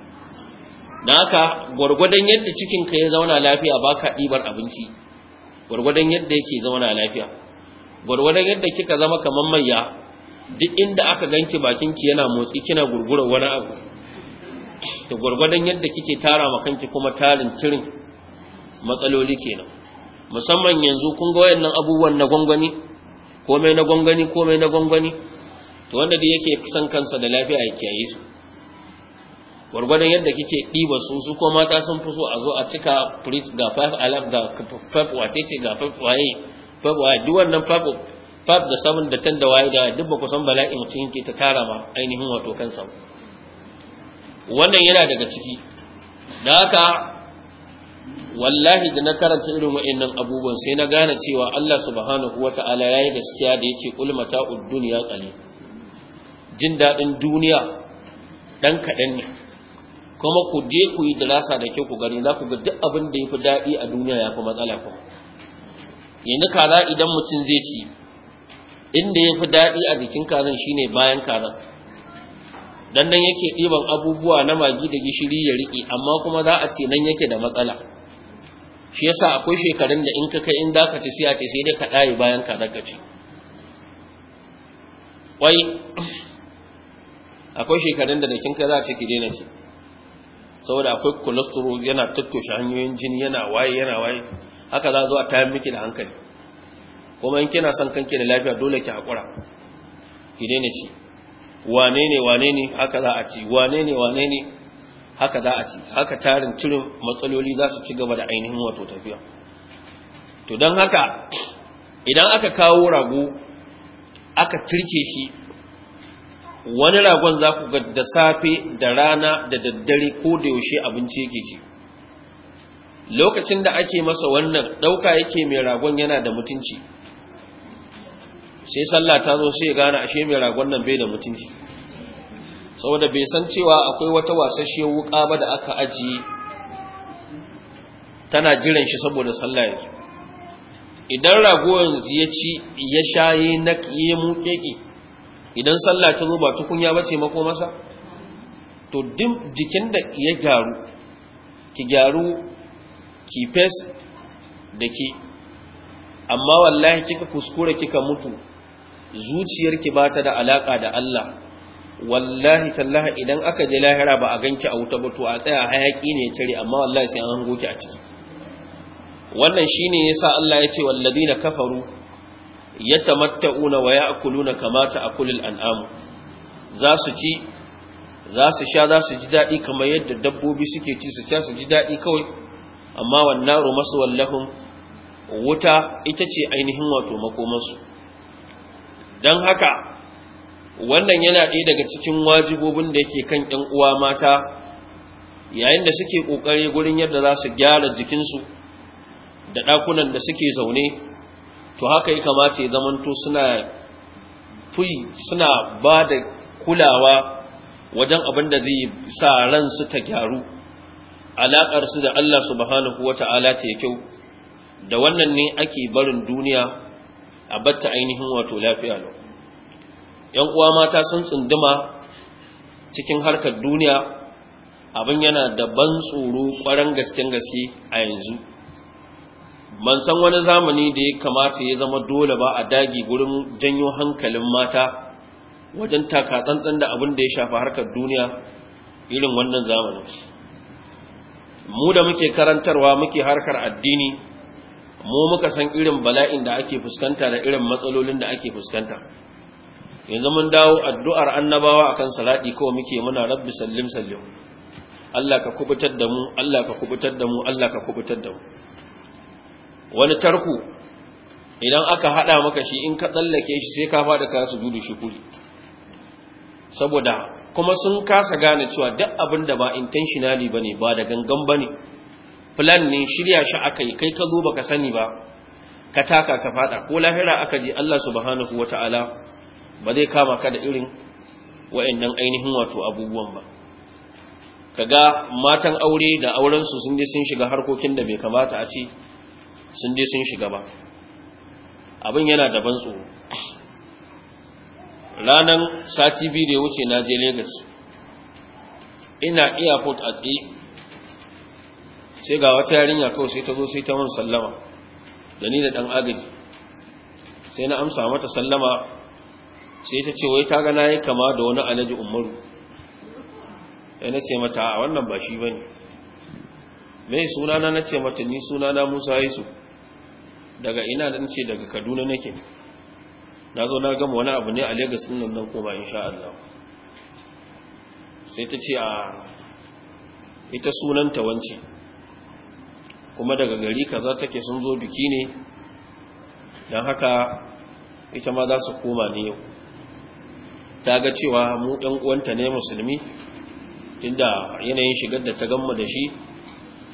na haka gwargwadon yadda cikinka ya zauna lafiya ba ka ɗibar abinci gwargwadon yadda yake zauna lafiya gwargwadon yadda kika zama kamar mayya duk inda aka ganki bakinki yana motsi kina gurgura wani abu ta gwargwadon yadda kike tara ma kanki kuma tarin tirin matsaloli kenan musamman yanzu kun ga wayannan abubuwan na gwangwani komai na gwangwani komai na gwangwani to wanda da yake san kansa da lafiya ya kiyaye su gwargwadon yadda kike ɗiba su su ko mata sun fi so a zo a cika prince ga 5 alarm ga fab wace ce ga 5 waye fab waye duk wannan fab da 7 da 10 da waye da duk ba ku san bala'i mutum yake ta tara ma ainihin wato kansa wannan yana daga ciki da haka wallahi da na karanta irin wa'annan abubuwan sai na gane cewa Allah subhanahu wata'ala yayi gaskiya da yake kulmata ud dunya qalil jin daɗin duniya ɗan kaɗan ne kuma ku je ku yi darasa da kyau ku gani za ku ga duk abin da ya fi daɗi a duniya ya fi matsala kuma yanzu kaza idan mutum zai ci inda ya fi daɗi a jikin kazan shine bayan kazan dan nan yake ɗiban abubuwa na magi da gishiri ya riƙe amma kuma za a ce nan yake da matsala shi yasa akwai shekarun da in ka kai in ka ci sai a ce sai dai ka ɗaye bayan kazan ka ci kwai akwai shekarun da nakin kai za ta ki na ci saboda akwai cholesterol yana tattoshe hanyoyin jini yana waye yana waye haka za zo a tayar miki da hankali kuma in kina son kanki da lafiya dole ki hakura ki daina ci wane ne wane ne haka za a ci wane ne wane ne haka za a ci haka tarin turin matsaloli za su ci gaba da ainihin wato tafiya to don haka idan aka kawo rago aka turke shi wani ragon za ku ga da safe da rana da daddare ko da yaushe abinci yake ji. lokacin da ake masa wannan ɗauka yake mai ragon yana da mutunci sai sallah ta zo sai gane ashe mai ragon nan bai da mutunci saboda bai san cewa akwai wata wasashe wuka ba da aka ajiye tana jiran shi saboda sallah yanzu idan ragon ya ci ya shaye na yi keke idan sallah ta zo ba tukunya ba ce mako masa to jikin da ya gyaru ki gyaru ki fes da ki amma wallahi kika kuskura kika mutu zuciyarki ba ta da alaka da Allah wallahi tallaha idan aka je lahira ba a ganki a wuta ba to a tsaya hayaki ne ya tare amma wallahi sai an hango ki a ciki wannan shine yasa Allah ya ce walladina kafaru yatamatta'una wa ya'kuluna kama ta'kulul an'am za su ci za su sha za su ji daɗi kamar yadda dabbobi suke ci su sha su ji daɗi kawai amma wannan masu wallahun wuta ita ce ainihin wato makomansu don haka wannan yana ɗaya daga cikin wajibobin da yake kan ‘yan uwa mata yayin da suke ƙoƙari gurin yadda za su gyara jikinsu da ɗakunan da suke zaune to haka ya kamata ya zamanto suna fi suna ba da kulawa wajen abin da zai sa ransu ta gyaru alaƙarsu da Allah subhanahu wa ta'ala ta yi kyau da wannan ne ake barin duniya a batta ainihin wato lafiya lau ‘yan uwa mata sun tsunduma cikin harkar duniya abin yana da ban tsoro ƙwaron gaske gaske a yanzu ban san wani zamani da ya kamata ya zama dole ba a dagi gurin janyo hankalin mata wajen takatsantsan da abin da ya shafa harkar duniya irin wannan zamani. mu da muke karantarwa muke harkar addini mu muka san irin bala'in da ake fuskanta da irin matsalolin da ake fuskanta yanzu mun dawo addu'ar annabawa akan salati ko muke muna rabbi sallim sallim Allah ka kubutar da mu Allah ka kubutar da mu Allah ka kubutar da mu wani tarko, idan aka hada maka shi in ka tsallake shi sai ka fada ka su dudu shukuri saboda kuma sun kasa gane cewa duk abin da ba intentionally bane ba da gangan bane plan ne shirya shi akai kai ka zo baka sani ba ka taka ka faɗa. ko lahira aka ji Allah subhanahu wata'ala ba zai kama ka da irin wayannan ainihin wato abubuwan ba kaga matan aure da auren su sun je sun shiga harkokin da bai kamata a ce sun je sun shiga ba abin yana da ban tsoro ranar sati biyu da ya wuce na je Legas, ina airport a tsaye sai ga wata yarinya kawai sai ta zo sai ta mun sallama da ni da dan agaji sai na amsa mata sallama sai ta ce wai ta ga ya yi kama da wani alaji umaru ya na ce mata a wannan ba shi ba ne mai sunana na ce mata ni sunana musa su. daga ina da ce daga kaduna nake na zo na gama wani abu ne a Legas din nan koma insha Allah sai ta ce a ita sunanta wance kuma daga gari kaza take sun zo biki ne don haka ita ma za su koma ne yau ta ga cewa mu ɗan uwanta ne musulmi tunda yanayin shigar da ta gamma da shi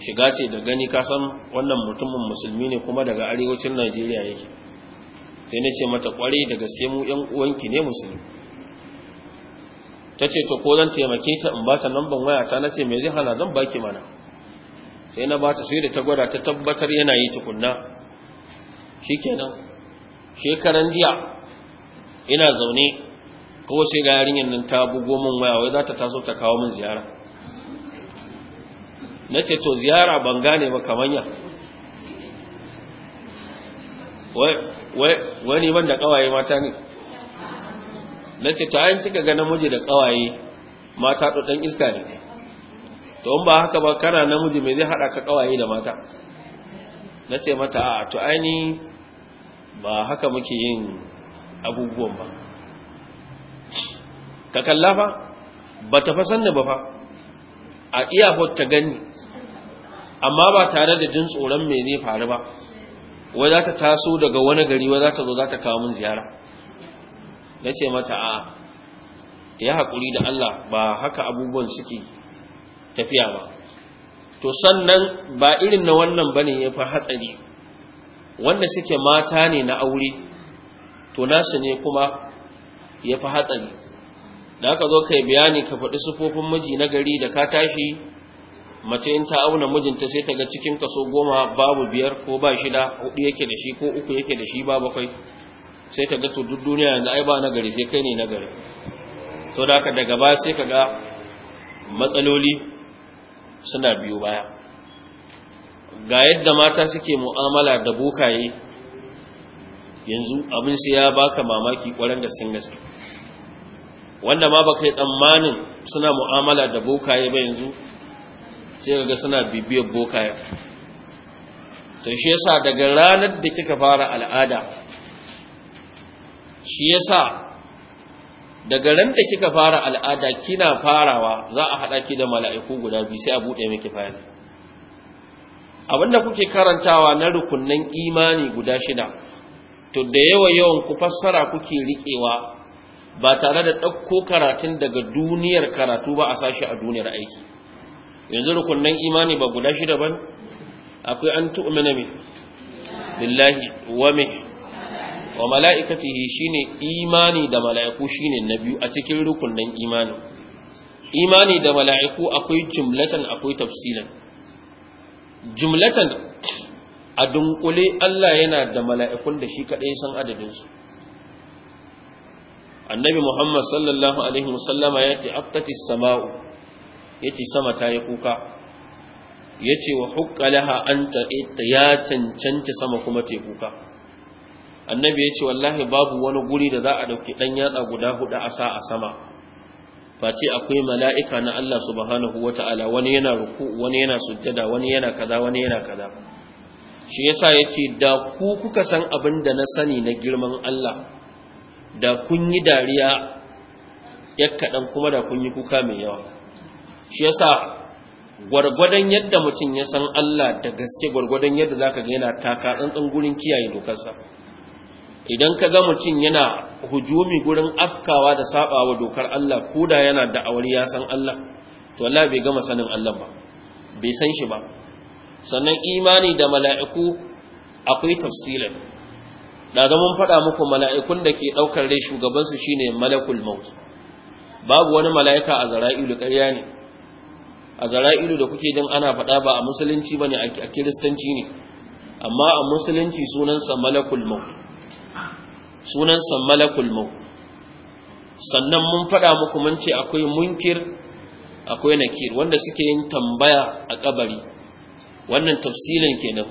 shiga ce da gani kasan wannan mutumin musulmi ne kuma daga arewacin najeriya yake sai na ce mata kwarai da gaske mu yan uwanki ne musulmi ta ce to ko zan taimake ta in ba ta namban waya ta na ce mai zai hana zan baki mana sai na bata, sai da ta gwada ta tabbatar yana yi tukunna shikenan shekaran jiya ina zaune ko sai ga yarinyar nan ta bugo min waya wai za ta taso ta kawo min ziyara na ce to ziyara ban gane ba manya. wani ban da kawaye mata ne na ce ta yin cika ga namiji da kawaye mata ɗan iska ne to ba haka ba kana namiji mai zai haɗa ka kawaye da mata na ce mata a to aini ba haka muke yin abubuwan ba ka kalla fa ba ta fasan da ba fa a iya ta gani amma ba tare da jin tsoron me zai faru ba wai za ta taso daga wani gari wai za ta zo za ta kawo min ziyara na ce mata a ya haƙuri da Allah ba haka abubuwan suke tafiya ba to sannan ba irin na wannan ba ne ya fi hatsari wanda suke mata ne na aure to nasu ne kuma ya fi hatsari da aka zo kai bayani ka faɗi sufofin miji na gari da ka tashi mace in ta auna mijinta sai ta ga cikin kaso goma babu biyar ko ba shida hudu yake da shi ko uku yake da shi ba bakwai sai ta ga to duk duniya yanzu ai ba na gari sai kai ne na gari to da haka daga baya sai ka ga matsaloli suna biyo baya ga yadda mata suke mu'amala da bokaye yanzu abin sai ya baka mamaki kwaran da sun gaske wanda ma baka yi tsammanin suna mu'amala da bokaye ba yanzu sai ga suna bibiyar bokaye to shi yasa daga ranar da kika fara al'ada shi yasa daga ran da kika fara al'ada kina farawa za a haɗa ki da mala'iku guda biyu sai a buɗe miki fayil abinda kuke karantawa na rukunnan imani guda shida to da yawa yawan ku fassara kuke riƙewa ba tare da ɗauko karatun daga duniyar karatu ba a sashi a duniyar aiki yanzu rukunnan imani ba guda shida ba akwai an tu'mina mai billahi wa mai wa shi shine imani da mala'iku shine na biyu a cikin rukunnan imani imani da mala'iku akwai jumlatan akwai tafsilan jumlatan a dunkule Allah yana da mala'ikun da shi kaɗai san adadinsu annabi Muhammad sallallahu alaihi wasallama ya ce aftatis sama'u yace sama ta yi kuka yace wa huqqalaha anta itta ya cancanta sama kuma ta kuka annabi yace wallahi babu wani guri da za a dauki dan yatsa guda hudu a sa a sama face akwai mala'ika na Allah subhanahu wata'ala wani yana ruku wani yana sujjada wani yana kaza wani yana kaza shi yasa yace da ku kuka san abin da na sani na girman Allah da kun yi dariya kaɗan kuma da kun yi kuka mai yawa shi yasa gwargwadon yadda mutum ya san Allah da gaske gwargwadon yadda zaka ga yana taka tsantsan gurin kiyaye dokarsa idan ka ga mutum yana hujumi gurin afkawa da sabawa dokar Allah koda yana da awar ya san Allah to Allah bai gama sanin Allah ba bai san shi ba sannan imani da mala'iku akwai tafsilin da mun faɗa muku mala'ikun da ke ɗaukar rai shugabansu shine malakul maut babu wani mala'ika a zara'ilu ƙarya ne a zara'ilu da kuke jin ana faɗa ba a musulunci ba ne a kiristanci ne amma a musulunci sunansa malakul mau sunansa malakul mau sannan mun faɗa muku mun ce akwai munkir akwai nakir wanda suke yin tambaya a kabari wannan tafsilin kenan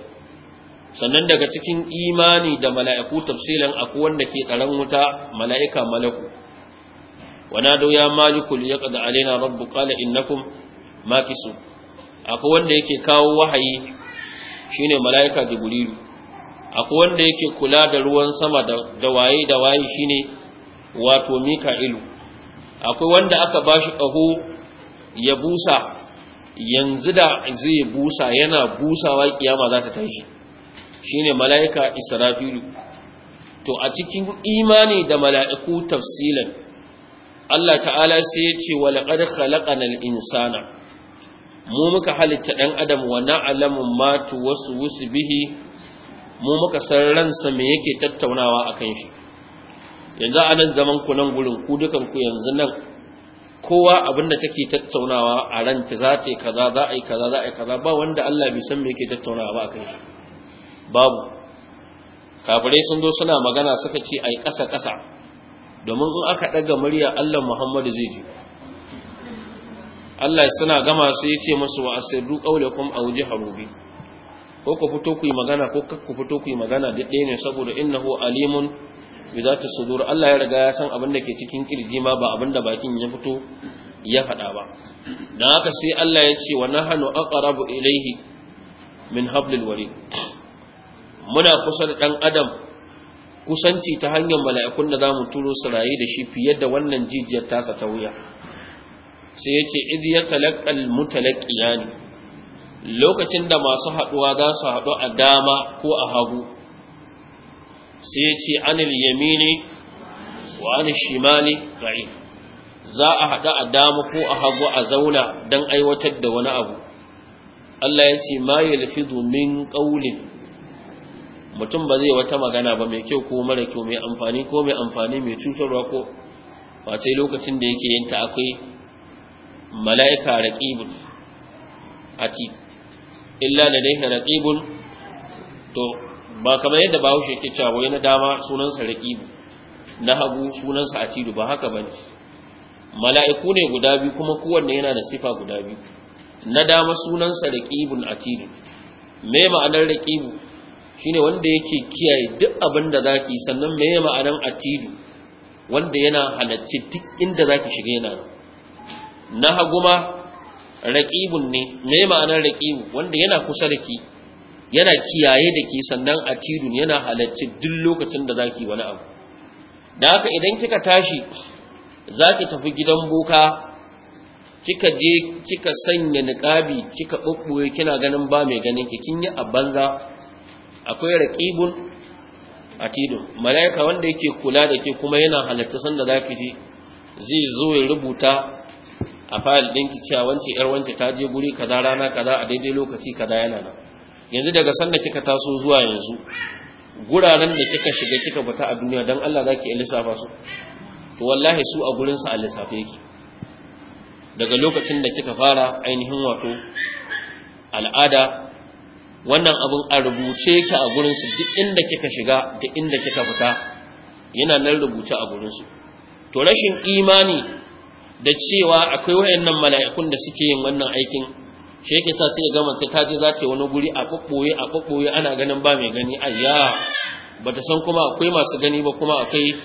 sannan daga cikin imani da mala'iku tafsilin akwai wanda ke tsaron wuta mala'ika malaku wana do ya malikul ya alaina rabbu qala innakum makisu akwai wanda yake kawo wahayi shine mala'ika jibrilu akwai wanda yake kula da ruwan sama da waye da waye shine wato mika'ilu akwai wanda aka bashi ƙaho ya busa yanzu da zai busa yana busawa kiyama za ta tashi shine mala'ika israfilu to a cikin imani da mala'iku tafsilan Allah ta'ala sai ya ce wa laqad khalaqana al-insana mu muka halitta ɗan adam wa matu ma wasu bihi mu muka san ransa me yake tattaunawa akan shi yanzu a nan zaman ku nan gurin ku dukan ku yanzu nan kowa abinda take tattaunawa a ranta za ta yi kaza za a yi kaza za a yi kaza ba wanda Allah bai san me yake tattaunawa ba akan shi babu kafirai sun zo suna magana suka ce ai ƙasa ƙasa domin in aka ɗaga murya Allah Muhammadu zai ji Allah suna gama sai ya ce musu wa asirru qaulakum aw jaharu bi ko ku fito ku yi magana ko kar ku fito ku yi magana da ɗaya ne saboda innahu alimun bi zati sudur Allah ya riga ya san abin da ke cikin kirji ma ba abin da bakin ya fito ya faɗa ba dan haka sai Allah ya ce wa nahnu aqrabu ilayhi min hablil warid muna kusa da dan adam kusanci ta hanyar mala'ikun da za mu turo su da shi fiye da wannan jijiyar tasa ta wuya sai ya ce idh yatalaqal ne lokacin da masu haɗuwa za su haɗu a dama ko a hagu sai ya ce anil yamini wa anil shimali ra'i za a haɗu a dama ko a hagu a zauna don aiwatar da wani abu Allah ya ce ma yalfidu min qawlin mutum ba zai wata magana ba mai kyau ko mara kyau mai amfani ko mai amfani mai cutarwa ko ba sai lokacin da yake yin ta akwai mala'ika raqibun ati illa ladayhi raqibun to ba kamar yadda ba haushe ke cewa yana na dama sunansa raƙibu na hagu sunansa atidu ba haka bane mala'iku ne guda biyu kuma kowanne yana da sifa guda biyu na dama sunansa raqibun atidu me ma'anar shi shine wanda yake kiyaye duk abin da zaki sannan me ma'anar atidu wanda yana halarci duk inda zaki shiga yana na haguma ma raqibun ne me ma'anar raqibu wanda yana kusa da ki yana kiyaye da ki sannan a tidun yana halarci duk lokacin da zaki wani abu da haka idan kika tashi zaki tafi gidan boka kika je kika sanya niqabi kika bubbuye kina ganin ba mai ganin ki kin yi a banza akwai raqibun tidun. malaika wanda yake kula da ke kuma yana halatta sanda zaki ji zai zo ya rubuta a fayil ɗinki cewa wance ‘yar wance ta je guri kaza rana kaza a daidai lokaci kaza yana nan yanzu daga sanda kika taso zuwa yanzu guraren da kika shiga kika fita a duniya dan Allah zaki ki yi lissafa su to wallahi su a gurin su a lissafe yake daga lokacin da kika fara ainihin wato al'ada wannan abun a rubuce ki a gurin su duk inda kika shiga duk inda kika fita yana nan rubuce a gurin su, to rashin imani da cewa akwai wayannan mala'ikun da suke yin wannan aikin shi yake sa sai ga mace ta je za ta wani guri a kokkoye a kokkoye ana ganin ba mai gani ayya bata san kuma akwai masu gani ba kuma akwai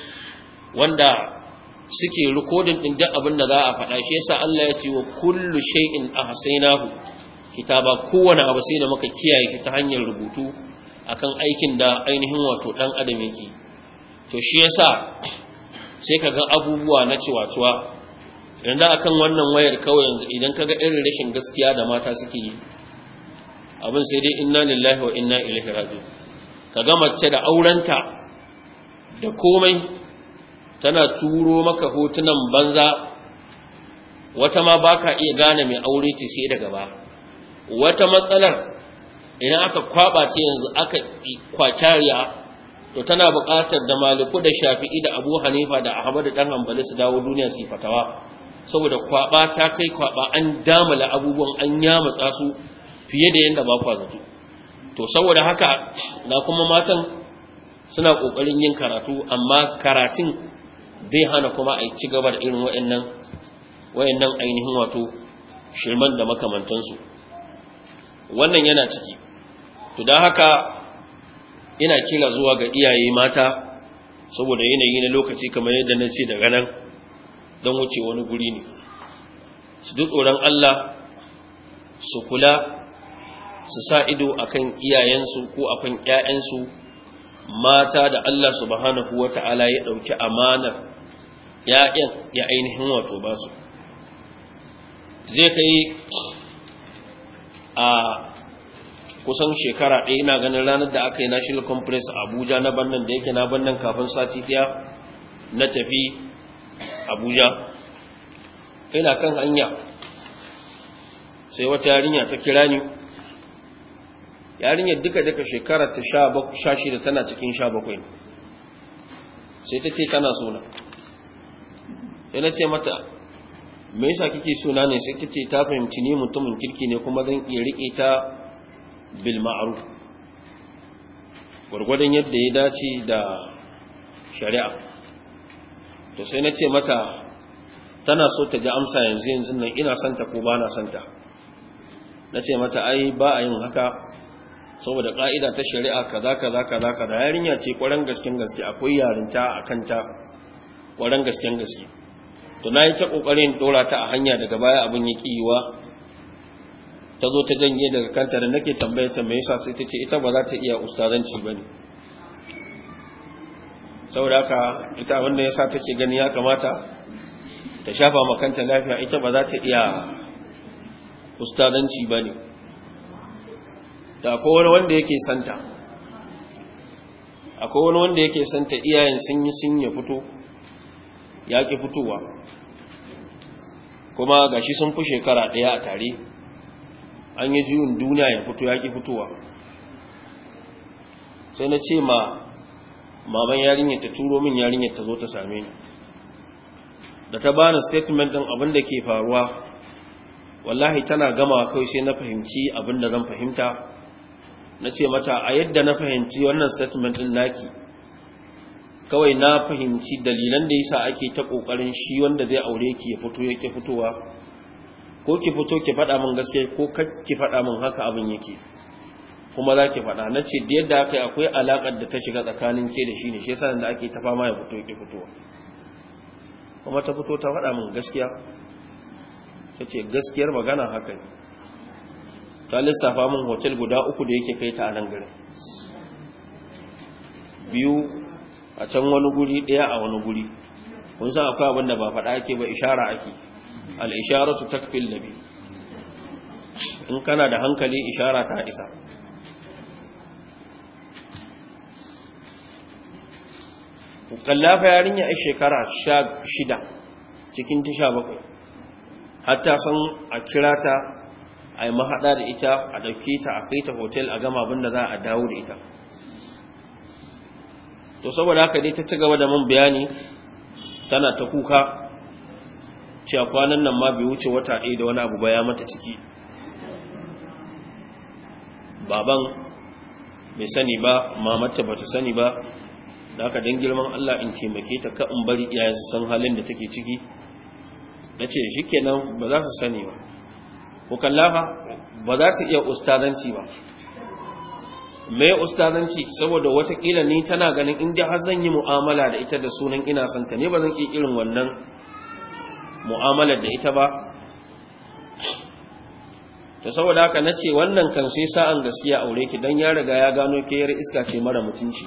wanda suke rikodin din duk abin da za a faɗa shi yasa Allah ya ce wa kullu shay'in ahsaynahu kitaba kowane abu sai da muka kiyaye shi ta hanyar rubutu akan aikin da ainihin wato dan adam yake to shi yasa sai ga abubuwa na ciwatuwa yanzu kan wannan wayar kawai idan kaga irin rashin gaskiya da mata suke yi abin sai dai inna lillahi wa inna ilaihi ka kaga mace da aurenta da komai tana turo maka hotunan banza wata ma baka iya gane mai aure ce sai daga ba wata matsalar idan aka kwaba ce yanzu aka kwakariya to tana buƙatar da maliku da shafi'i da abu hanifa da Ahmadu ɗan hanbali su dawo duniya su yi fatawa saboda kwaba ta kai kwaba an damala abubuwan an yamatsa su fiye da yadda ba kwazatu to saboda haka na kuma matan suna kokarin yin karatu amma karatun bai hana kuma a ci gaba da irin wayannan wayannan ainihin wato shirman da makamantan su wannan yana ciki to dan haka ina kira zuwa ga iyaye mata saboda yanayi na lokaci kamar yadda na ce daga nan don wuce wani guri ne su duk tsoron Allah su kula su sa ido akan iyayensu ko akan ƴaƴansu mata da Allah su subhanahu wata'ala ya ɗauki amanar 'ya'yan ya ainihin wato ba su zai kai a kusan shekara ɗaya ina ganin ranar da aka yi national conference a abuja na bannan da yake na bannan kafin sati ɗaya na tafi abuja ina kan hanya sai wata yarinya ta kira ni yarinyar duka duka shekarar ta sha shida tana cikin sha bakwai sai ta ce tana suna sai na ce mata me yasa kike suna ne sai ta ce ta fahimci ni mutumin kirki ne kuma zan iya riƙe ta bilma'aru gwargwadon yadda ya dace da shari'a to sai na ce mata tana so ta ji amsa yanzu yanzu nan ina santa ko ba na santa na ce mata ai ba a yin haka saboda ƙa'ida ta shari'a kaza kaza kaza kaza yarinya ce ƙwaran gasken gaske akwai yarinta a kanta ƙwaran gasken gaske to na yi ta ƙoƙarin ɗora ta a hanya daga baya abin ya ƙiwa ta zo ta janye daga kanta da nake tambaya ta me yasa sai ta ce ita ba za ta iya ustazanci ba ne saboda haka ita abinda ya sa take gani ya kamata ta shafa makanta lafiya ita ba za ta iya ustadanci ba ne da kowane wanda yake santa a kowane wanda yake santa iyayen sun yi sun ya fito ya ki fitowa kuma ga shi sun fi shekara ɗaya a tare an yi jiyun duniya ya fito ya ki fitowa sai na ce ma maman yarinyar ta turo min yarinyar ta zo ta same ni da ta bani statement din abin da ke faruwa wallahi tana gama kai sai na fahimci abin da zan fahimta na ce mata a yadda na fahimci wannan statement din naki kawai na fahimci dalilan da yasa ake ta kokarin shi wanda zai aure ki ya fito yake fitowa ko ki fito ki faɗa min gaskiya ko ki faɗa min haka abin yake kuma za ki faɗa na ce da yadda aka yi akwai alaƙar da ta shiga tsakanin ke da shi ne shi yasa da ake ta fama ya fito ke fito kuma ta fito ta faɗa min gaskiya ta ce gaskiyar magana haka ne ta lissafa min hotel guda uku da yake kai ta a nan garin biyu a can wani guri ɗaya a wani guri kun san akwai abin da ba faɗa ake ba ishara ake al-isharatu takfil nabi in kana da hankali ishara ta isa kallafa yarinya a shekara shida cikin tisha bakwai hatta san a kira ta a yi mahaɗa da ita a ɗauke ta a kai ta hotel a gama abinda za a dawo da ita to saboda haka dai ta ci gaba da man bayani tana ta kuka cewa kwanan nan ma bai wuce wata ɗaya da wani abu ba ya mata ciki baban bai sani ba mamata ba ta sani ba da aka dan girman Allah in taimake ta ka'un bari iya su san halin da take ciki na ce shi kenan ba za su sani ba ku kallafa ba za ta iya ustazanci ba me ustazanci saboda watakila ne tana ganin inda har zan yi mu'amala da ita da sunan ina son ta ne ba zan iya irin wannan mu'amalar da ita ba ta saboda haka na ce wannan kan sai sa'an gaskiya aure ki don ya riga ya gano ke yar iska ce mara mutunci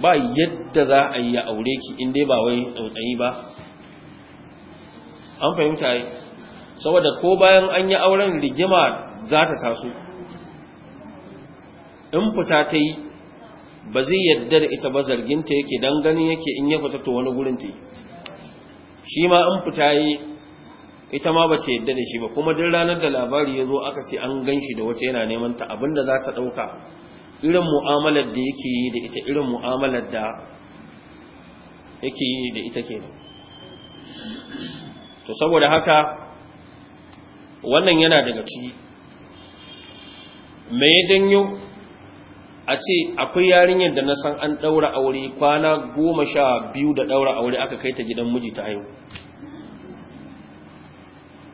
ba yadda za a yi aure ki inda dai ba wai tsautsayi ba an fahimta yi saboda ko bayan an yi auren rigima za ta taso in fita ta yi ba zai yadda da ita ba zarginta yake don ganin yake in ya fita to wani gurin ta yi shi ma in fita yi ita ma ba yarda yadda da shi ba kuma duk ranar da labari ya zo aka ce an gan shi da wata yana neman ta abinda za ta ɗauka irin mu'amalar da yake yi da ita irin mu'amalar da yake yi da ita kenan to saboda haka wannan yana daga ciki me ya danyo a ce akwai yarinyar da na san an ɗaura aure kwana goma sha biyu da ɗaura aure aka kai ta gidan miji ta haihu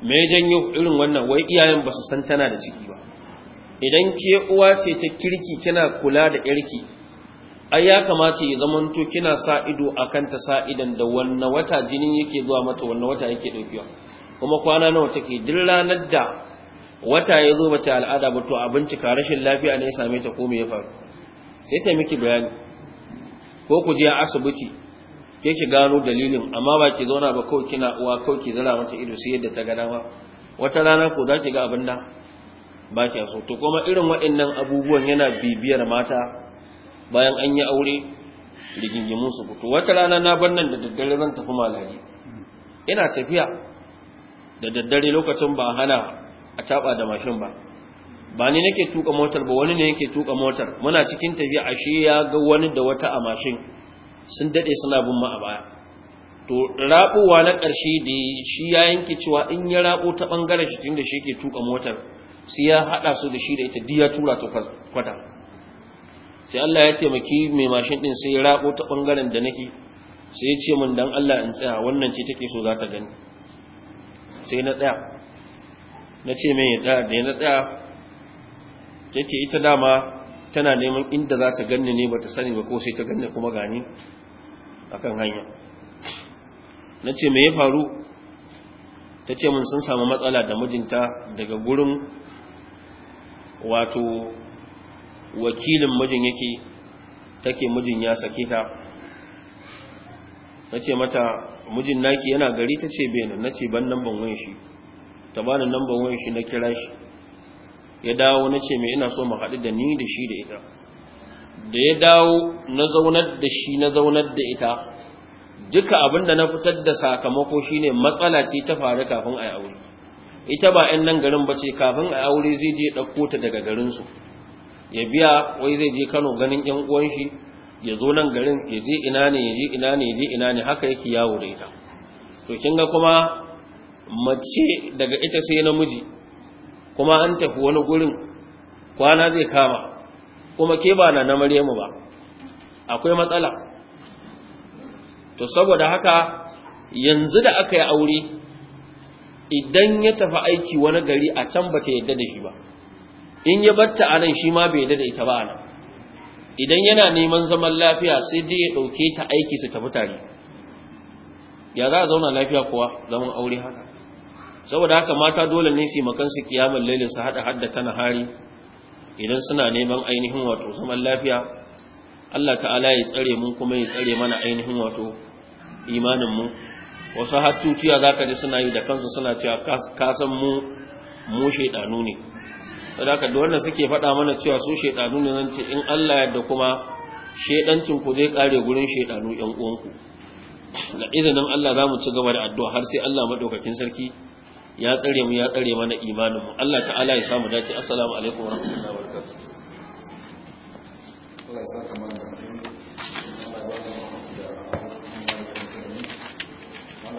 me ya janyo irin wannan wai iyayen ba su san tana da ciki ba idan ke uwa ce ta kirki kina kula da yarki ai ya kamata ya zamanta kina sa ido akan ta sa idan da wanne wata jinin yake zuwa mata wanne wata yake daukewa kuma kwana nawa take duk ranar da wata ya zo bata al'ada ba to abinci ka rashin lafiya ne ya same ta ko me ya faru sai ta miki bayani ko ku je asibiti ke ki gano dalilin amma ba ki zauna ba kawai kina uwa kawai ki zara mata ido sai yadda ta ga dama wata rana ko za ki ga abin da ba kya so to kuma irin waɗannan abubuwan yana bibiyar mata bayan an yi aure rigingimun su fito wata rana na bar nan da daddare zan tafi malari ina tafiya da daddare lokacin ba hana a taba da mashin ba ba ni nake tuka motar ba wani ne yake tuka motar muna cikin tafiya ashe ya ga wani da wata a mashin sun dade suna bin mu a baya to rabuwa na ƙarshe da shi ya yanke cewa in ya rabo ta bangaren shi tunda shi yake tuka motar sai ya hada su da shi da ita diya tura ta kwata sai Allah ya taimaki mai mashin din sai ya rako ta bangaren da nake sai ya ce min dan Allah in tsaya wannan ce take so za ta gani sai na tsaya na ce mai da da na tsaya take ita dama tana neman inda za ta ganni ne bata sani ba ko sai ta ganni kuma gani akan hanya na ce me ya faru ta ce mun sun samu matsala da mijinta daga gurin wato wakilin mijin yake take mijin ya sake ta nace mata mijin naki yana gari tace benin nace ban namban wayan shi ta bani namban wayan shi na kira shi ya dawo nace me ina so mu haɗu da ni da shi da ita da ya dawo na zaunar da shi na zaunar da ita duka abinda na fitar da sakamako shine matsala ce ta faru kafin a aure ita ba 'yan nan garin ba ce kafin a aure zai je ɗauko ta daga garinsu ya biya wai zai je kano ganin 'yan uwan shi ya zo nan garin ya je ina ne ya je ina ne ya je ina ne haka yake yawo da ita to kin ga kuma mace daga ita sai namiji kuma an tafi wani gurin kwana zai kama kuma ke ba na na maryamu ba akwai matsala to saboda haka yanzu da aka yi aure idan ya tafi aiki wani gari a can ba ta yadda da shi ba in ya batta a nan shi ma bai yadda da ita ba a idan yana neman zaman lafiya sai dai ya ɗauke ta aiki su tafi tare ya za a zauna lafiya kuwa zaman aure haka saboda haka mata dole ne su yi makansu kiyamun lailin su haɗa haddata na hari idan suna neman ainihin wato zaman lafiya Allah ta'ala ya tsare mun kuma ya tsare mana ainihin wato imanin mu wasu hattutiya za ka ji suna yi da kansu suna cewa kasan mu mu shaidanu ne sadaka da wanda suke faɗa mana cewa su shaidanu ne nan ce in Allah yadda kuma shaidancin ku zai kare gurin shaidanu yan uwanku da izinin Allah za mu ci gaba da addu'a har sai Allah madaukakin sarki ya tsare mu ya tsare mana imanin mu Allah ta'ala ya samu dace assalamu alaikum wa rahmatullahi wa barakatuh Allah ya saka mana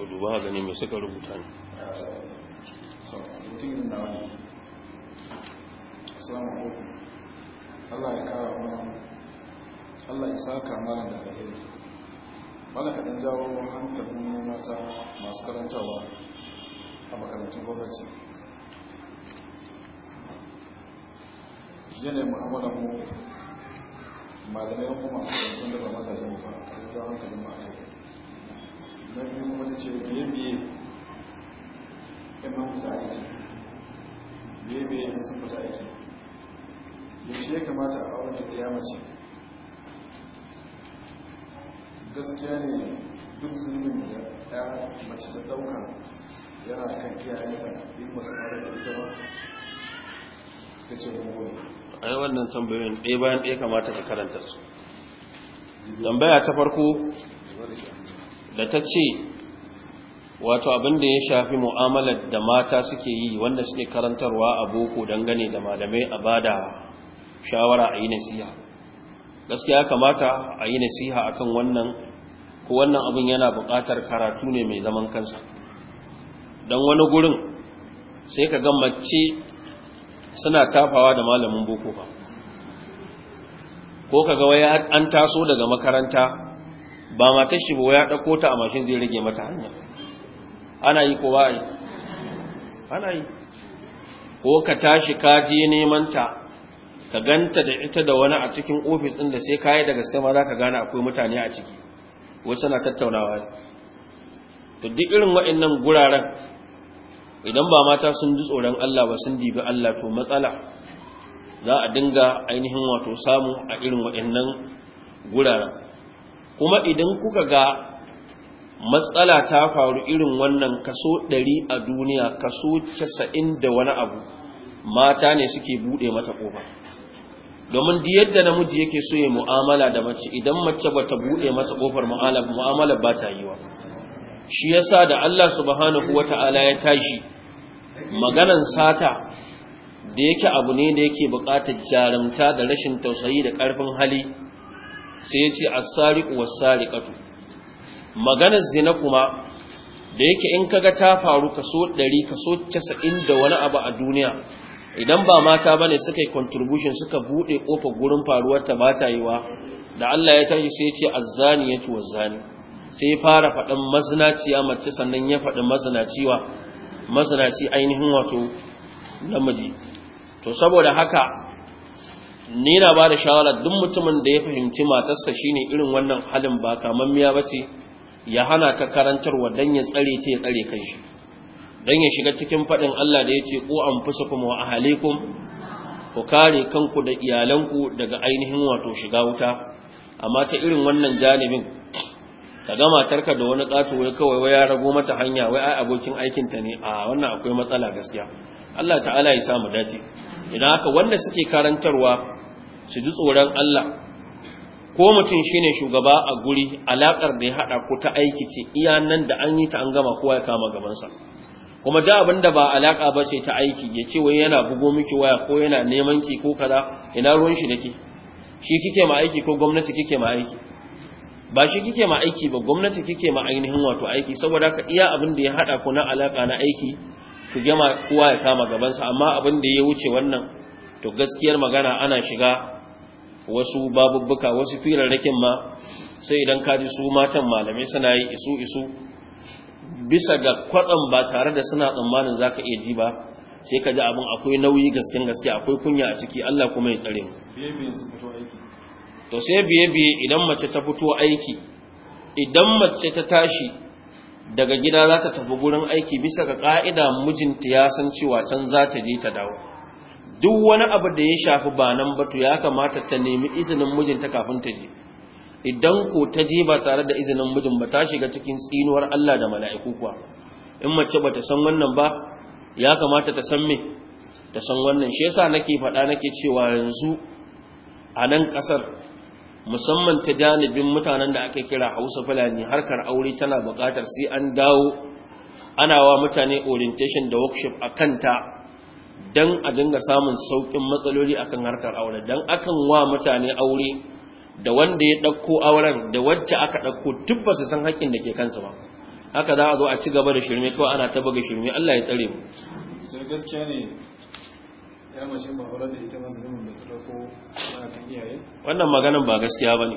to duba gani mai suka rubuta ne Allah ya kara mana Allah ya saka mana da alheri wala kadan jawo hankalin mata masu karantawa a makarantun gwamnati yanayin mu'amalar mu malamai kuma makarantun da ba mazajen ba a jawo hankalin ma'aikata na biyu kuma ta ce biye biye imam da aiki biye biye in sun fita aiki yaushe ya kamata a auren da ya mace gaskiya ne duk zunubin da ya mace ta ɗauka yana kan kiyayenta in masu aure da ita ba ta ce gungun ai wannan tambayoyin ɗaya bayan ɗaya kamata ka karanta su tambaya ta farko da ta ce wato abin da ya shafi mu'amalar da mata suke yi wanda suke karantarwa a boko dangane da malamai a bada shawara a yi nasiha gaskiya kamata a yi nasiha kan wannan ko wannan abin yana bukatar karatu ne mai zaman kansa don wani gurin sai ka ga mace suna tafawa da malamin boko ba ko ka ga waya an taso daga makaranta ba matar shi ba ya da ta a mashin zai rage mata hanya ana yi ko ba yi ana yi ko ka tashi ka je neman ta ka ganta da ita da wani a cikin ofis ɗin da sai kayi daga da za ka gane akwai mutane a ciki wasu na tattaunawa ne to duk irin waɗannan guraren idan ba mata sun ji tsoron Allah ba sun dibi Allah to matsala za a dinga ainihin wato samu a irin waɗannan guraren kuma idan kuka ga matsala ta faru irin wannan kaso 100 a duniya kaso casa'in da wani abu mata ne suke bude mata kofa domin di yadda namiji yake so ya mu'amala da mace idan mace bata bude masa kofar mu'amala mu'amala ba ta yiwa shi yasa da Allah subhanahu wata'ala ya tashi maganan sata da yake abu ne da yake buƙatar jarumta da rashin tausayi da ƙarfin hali sai yace ce as-sariqu was-sariqatu maganar zina kuma da yake in kaga ta faru kaso 100 kaso casa'in da wani abu a duniya idan ba mata bane suka yi contribution suka bude kofar gurin faruwar ta bata yiwa da Allah ya tashi sai a zani ya ci waz-zani sai fara faɗin mazinaciya mace sannan ya faɗi mazinaciwa mazinaci ainihin wato namiji to saboda haka ni na ba da shawara duk mutumin da ya fahimci matarsa shine irin wannan halin ba miya ba ce ya hana ta karantarwa dan ya tsare ce ya tsare kai shi Dan ya shiga cikin faɗin Allah da ya ce ko an fusa kuma wa ahalikum ku kare kanku da iyalanku daga ainihin wato shiga wuta amma ta irin wannan janibin ka ga matarka da wani katu wai kawai wai ya rago mata hanya wai ai abokin aikinta ne a wannan akwai matsala gaskiya Allah ta'ala ya sa mu dace idan haka wanda suke karantarwa su ji tsoron Allah ko mutum shi ne shugaba a guri alakar da ya haɗa ku ta aiki ce iya nan da an yi ta an gama kowa ya kama gabansa kuma da abin da ba alaka ba ce ta aiki ya ce wai yana bugo miki waya ko yana neman ki ko kaza ina ruwan shi nake shi kike ma aiki ko gwamnati kike ma aiki ba shi kike ma aiki ba gwamnati kike ma ainihin wato aiki saboda ka iya abin da ya haɗa ku na alaka na aiki su gama kowa ya kama gabansa amma abin da ya wuce wannan to gaskiyar magana ana shiga wasu babubbuka wasu firarrakin ma sai idan kaji su matan malamai suna yi isu isu bisa ga kwatsam ba tare da suna tsammanin za ka iya ji ba sai ka ji abin akwai nauyi gasken gaske akwai kunya a ciki Allah kuma ya tsare mu to sai biye biye idan mace ta fito aiki idan mace ta tashi daga gida za ta tafi gurin aiki bisa ga ka'ida mijinta ya san cewa can za ta je ta dawo duk wani abu da ya shafi ba nan ba to ya kamata ta nemi izinin mijinta kafin ta je idan ko ta je ba tare da izinin mijin ba ta shiga cikin tsinuwar Allah da mala'iku kuwa in mace ba ta san wannan ba ya kamata ta san me ta san wannan shi yasa nake faɗa nake cewa yanzu a nan ƙasar musamman ta janibin mutanen da aka kira Hausa Fulani harkar aure tana buƙatar sai an dawo ana wa mutane orientation da workshop a ta. Dan a dinga samun sauƙin matsaloli akan harkar aure don akan wa mutane aure da wanda ya ɗauko auren da wacce aka ɗauko duk su san haƙƙin da ke kansu ba haka za a zo a ci gaba da shirme kawai ana ta buga shirme Allah ya tsare mu sai gaskiya ne ya mace ba aure da ita zaman da ta ɗauko ta iyaye wannan maganan ba gaskiya bane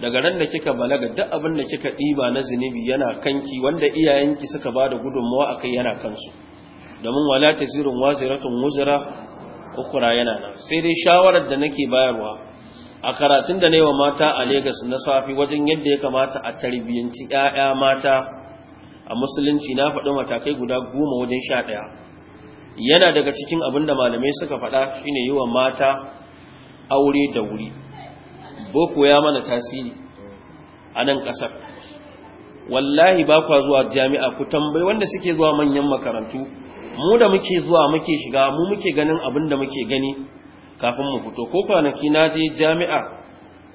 daga ran da kika balaga duk abin da kika ɗiba na zunubi yana kanki wanda iyayenki suka ba da gudunmawa akai yana kansu domin wala tazirun waziratun wuzira ukura yana nan sai dai shawarar da nake bayarwa a karatun da wa mata a Legas na safi wajen yadda ya kamata a tarbiyyanci 'ya'ya mata a musulunci na faɗi matakai guda goma wajen sha ɗaya yana daga cikin abin da malamai suka faɗa shine yi wa mata aure da wuri boko ya mana tasiri a nan ƙasar wallahi ba kwa zuwa jami'a ku tambayi wanda suke zuwa manyan makarantu mu da muke zuwa muke shiga mu muke ganin abin da muke gani kafin mu fito ko kwanaki na je jami'ar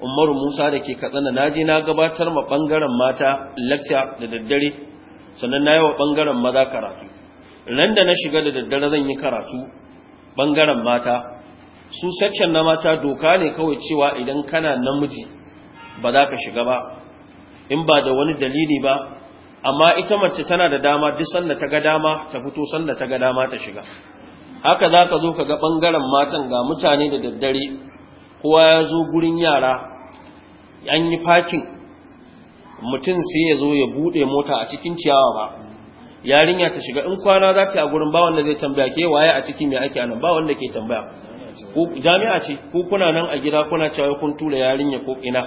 umaru musa da ke katsina na je na gabatar ma ɓangaren mata lakca da daddare sannan na yi wa ɓangaren maza karatu Nan da na shiga da daddare zan yi karatu bangaren mata su section na mata doka ne kawai cewa idan kana namiji ba za ka shiga ba in ba da wani dalili ba amma ita mace tana da dama duk sanda ta ga dama ta fito sanda ta ga dama ta shiga haka za ka zo ka ga ɓangaren matan ga mutane da daddare kowa ya zo gurin yara an yi fakin mutum sai ya zo ya buɗe mota a cikin ciyawa ba yarinya ta shiga in kwana za ta yi a gurin ba wanda zai tambaya ke waye a ciki mai ake anan ba wanda ke tambaya jami'a ce ko kuna nan a gida kuna cewa kun tura yarinya ko ina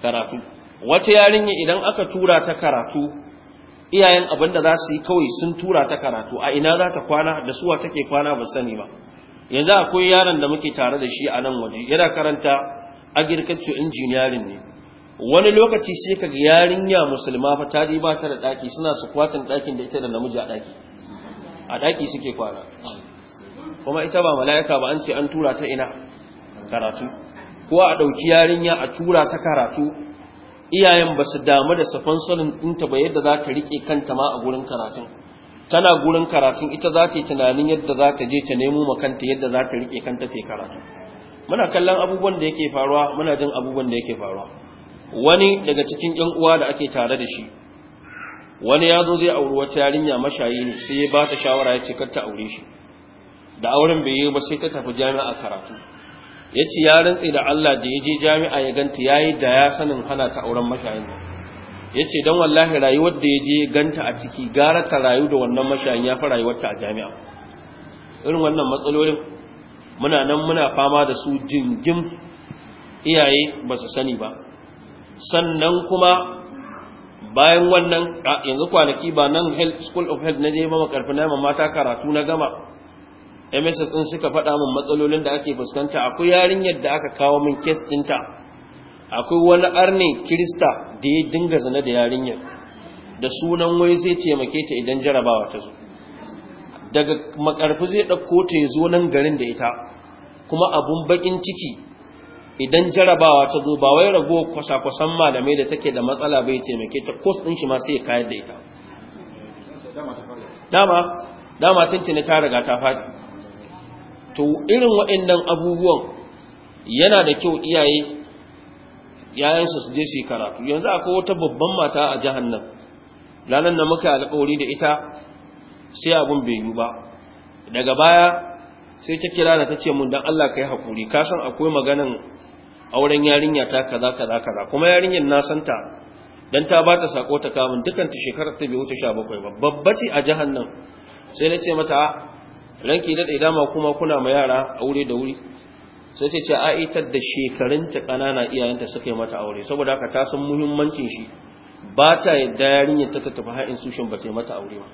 karatu wata yarinya idan aka tura ta karatu iyayen abin da za su yi kawai sun tura ta karatu a ina za ta kwana da suwa take kwana ba sani ba yanzu akwai yaron da muke tare da shi a nan waje yana karanta agriculture injiniyarin ne wani lokaci sai ka ga yarinya musulma fa ta je ba ta da daki suna su kwatin dakin da ita da namiji a daki a daki suke kwana kuma ita ba mala'ika ba an ce an tura ta ina karatu ko a dauki yarinya a tura ta karatu iyayen ba su damu da safan sanin ɗinta ba yadda za ta riƙe kanta ma a gurin karatun tana gurin karatun ita za ta yi tunanin yadda za ta je ta nemo makanta yadda za ta riƙe kanta ta karatu muna kallon abubuwan da yake faruwa muna jin abubuwan da yake faruwa wani daga cikin 'yan uwa da ake tare da shi wani ya zo zai auri wata yarinya mashayi ne sai ya ba ta shawara ya ce kar ta aure shi da auren bai yi ba sai ta tafi jami'a karatu ya ce ya rantse da Allah da ya je jami'a ya ganta ya yi da ya sanin hana ta auren mashayin ya ce don wallahi rayuwar da ya je ganta a ciki gara ta rayu da wannan mashayin ya fi rayuwarta a jami'a irin wannan matsalolin muna nan muna fama da su jingim iyaye ba su sani ba sannan kuma bayan wannan yanzu kwanaki ba nan school of health na je ba makarfi na mamata karatu na gama MSS din suka faɗa min matsalolin da ake fuskanta akwai yarinyar da aka kawo min kes ɗinta akwai wani ƙarni Kirista da ya dinga zina da yarinyar da sunan wai zai taimake ta idan jarabawa ta zo daga makarfi zai ɗauko ta ya zo nan garin da ita kuma abun bakin ciki idan jarabawa ta zo ba wai rago kwasa-kwasan malamai da take da matsala bai taimake ta kos ɗin shi ma sai ya kayar da ita dama dama tuntuni ta riga ta faɗi to irin waɗannan abubuwan yana da kyau iyaye yayansu su je su karatu yanzu akwai wata babban mata a jihar nan ranar da muka alƙawari da ita sai abin bai yi ba daga baya sai ta kira da ta ce mun dan Allah kai hakuri ka san akwai maganan auren yarinya ta kaza kaza kaza kuma yarinyar na santa dan ta ba ta sako ta kamun dukan ta shekarar ta bai wuce 17 ba babbaci a nan sai na ce mata ranki daɗe, dama kuma kuna ma yara aure da wuri sai ta ce aitar da shekarunta ƙanana iyayenta suka yi mata aure saboda haka ta san muhimmancin shi ba ta yadda yarinyar ta tafi har institution ba ta yi mata aure ba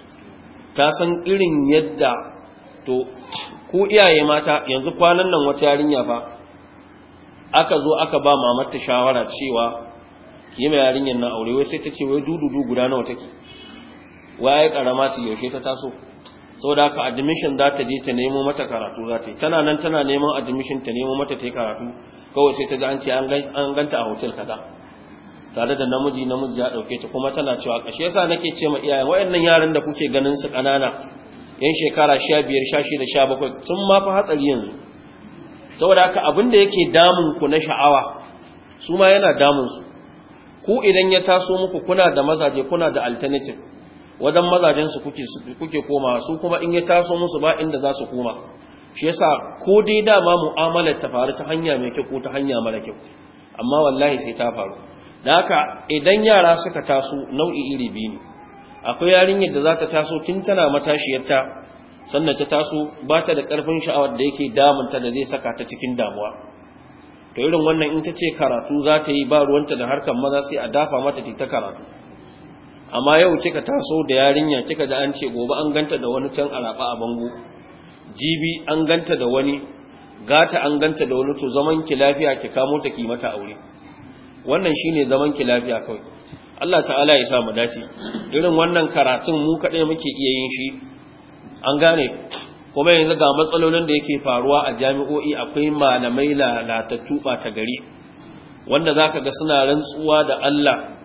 ta san irin yadda to ku iyaye mata yanzu kwanan nan wata yarinya fa aka zo aka ba mamar ta shawara cewa ki yi yarinyar na aure wai sai ta ce wai dududu guda nawa take waye karama ta yaushe ta taso saboda haka admission za ta je ta nemo mata karatu za ta yi tana nan tana neman admission ta nemo mata ta yi karatu kawai sai ta ga an ce an ganta a hotel kaza tare da namiji namiji ya dauke ta kuma tana cewa kashe yasa nake ce ma iyayen wayannan yaran da kuke ganin su kanana yan shekara 15 16 17 sun ma fa hatsari yanzu saboda haka abin da yake damun ku na sha'awa su ma yana damun su ku idan ya taso muku kuna da mazaje kuna da alternative wajen mazajen su kuke koma su kuma in ya taso musu ba inda za su koma shi yasa ko dai dama mu'amalar ta faru ta hanya mai kyau ko ta hanya mara kyau amma wallahi sai ta faru da haka idan yara suka taso nau'i iri biyu ne akwai yarinyar da za ta taso tun tana matashiyarta sannan ta taso ba ta da ƙarfin sha'awar da yake damunta da zai saka ta cikin damuwa to irin wannan in ta ce karatu za ta yi ba ruwanta da harkar maza sai a dafa mata ta karatu amma yau kika taso da yarinya kika da an ce gobe an ganta da wani can araba a bango jibi an ganta da wani gata an ganta da wani to zaman ki lafiya ki kamo ta ki mata aure wannan shine zaman ki lafiya kawai Allah ta'ala ya sa mu dace irin wannan karatun mu kadai muke iya yin shi an gane kuma yanzu ga matsalolin da yake faruwa a jami'o'i akwai malamai lalatattu ta gari wanda zaka ga suna rantsuwa da Allah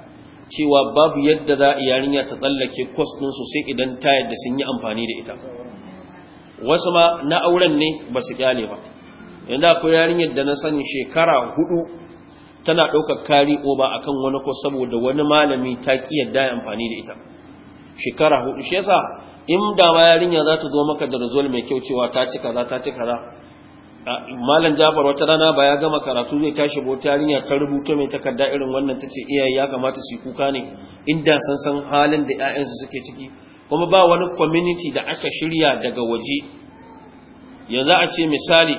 cewa babu yadda za a yarinya ta tsallake kwas ɗinsu sai idan ta yadda sun yi amfani da ita wasu ma na auren ne ba su kyale ba yadda akwai yarinyar da na sani shekara hudu tana ɗaukar kari oba a kan wani ko saboda wani malami ta ƙi yadda ya amfani da ita shekara hudu shi yasa in da ma yarinya za ta zo maka da result mai kyau cewa ta ci kaza ta ci kaza malam jafar wata rana ba ya gama karatu zai tashi ba yarinya ta rubuta mai takarda irin wannan tace iyaye ya kamata su yi kuka ne inda san san halin da 'ya'yansu suke ciki kuma ba wani community da aka shirya daga waje yanzu a ce misali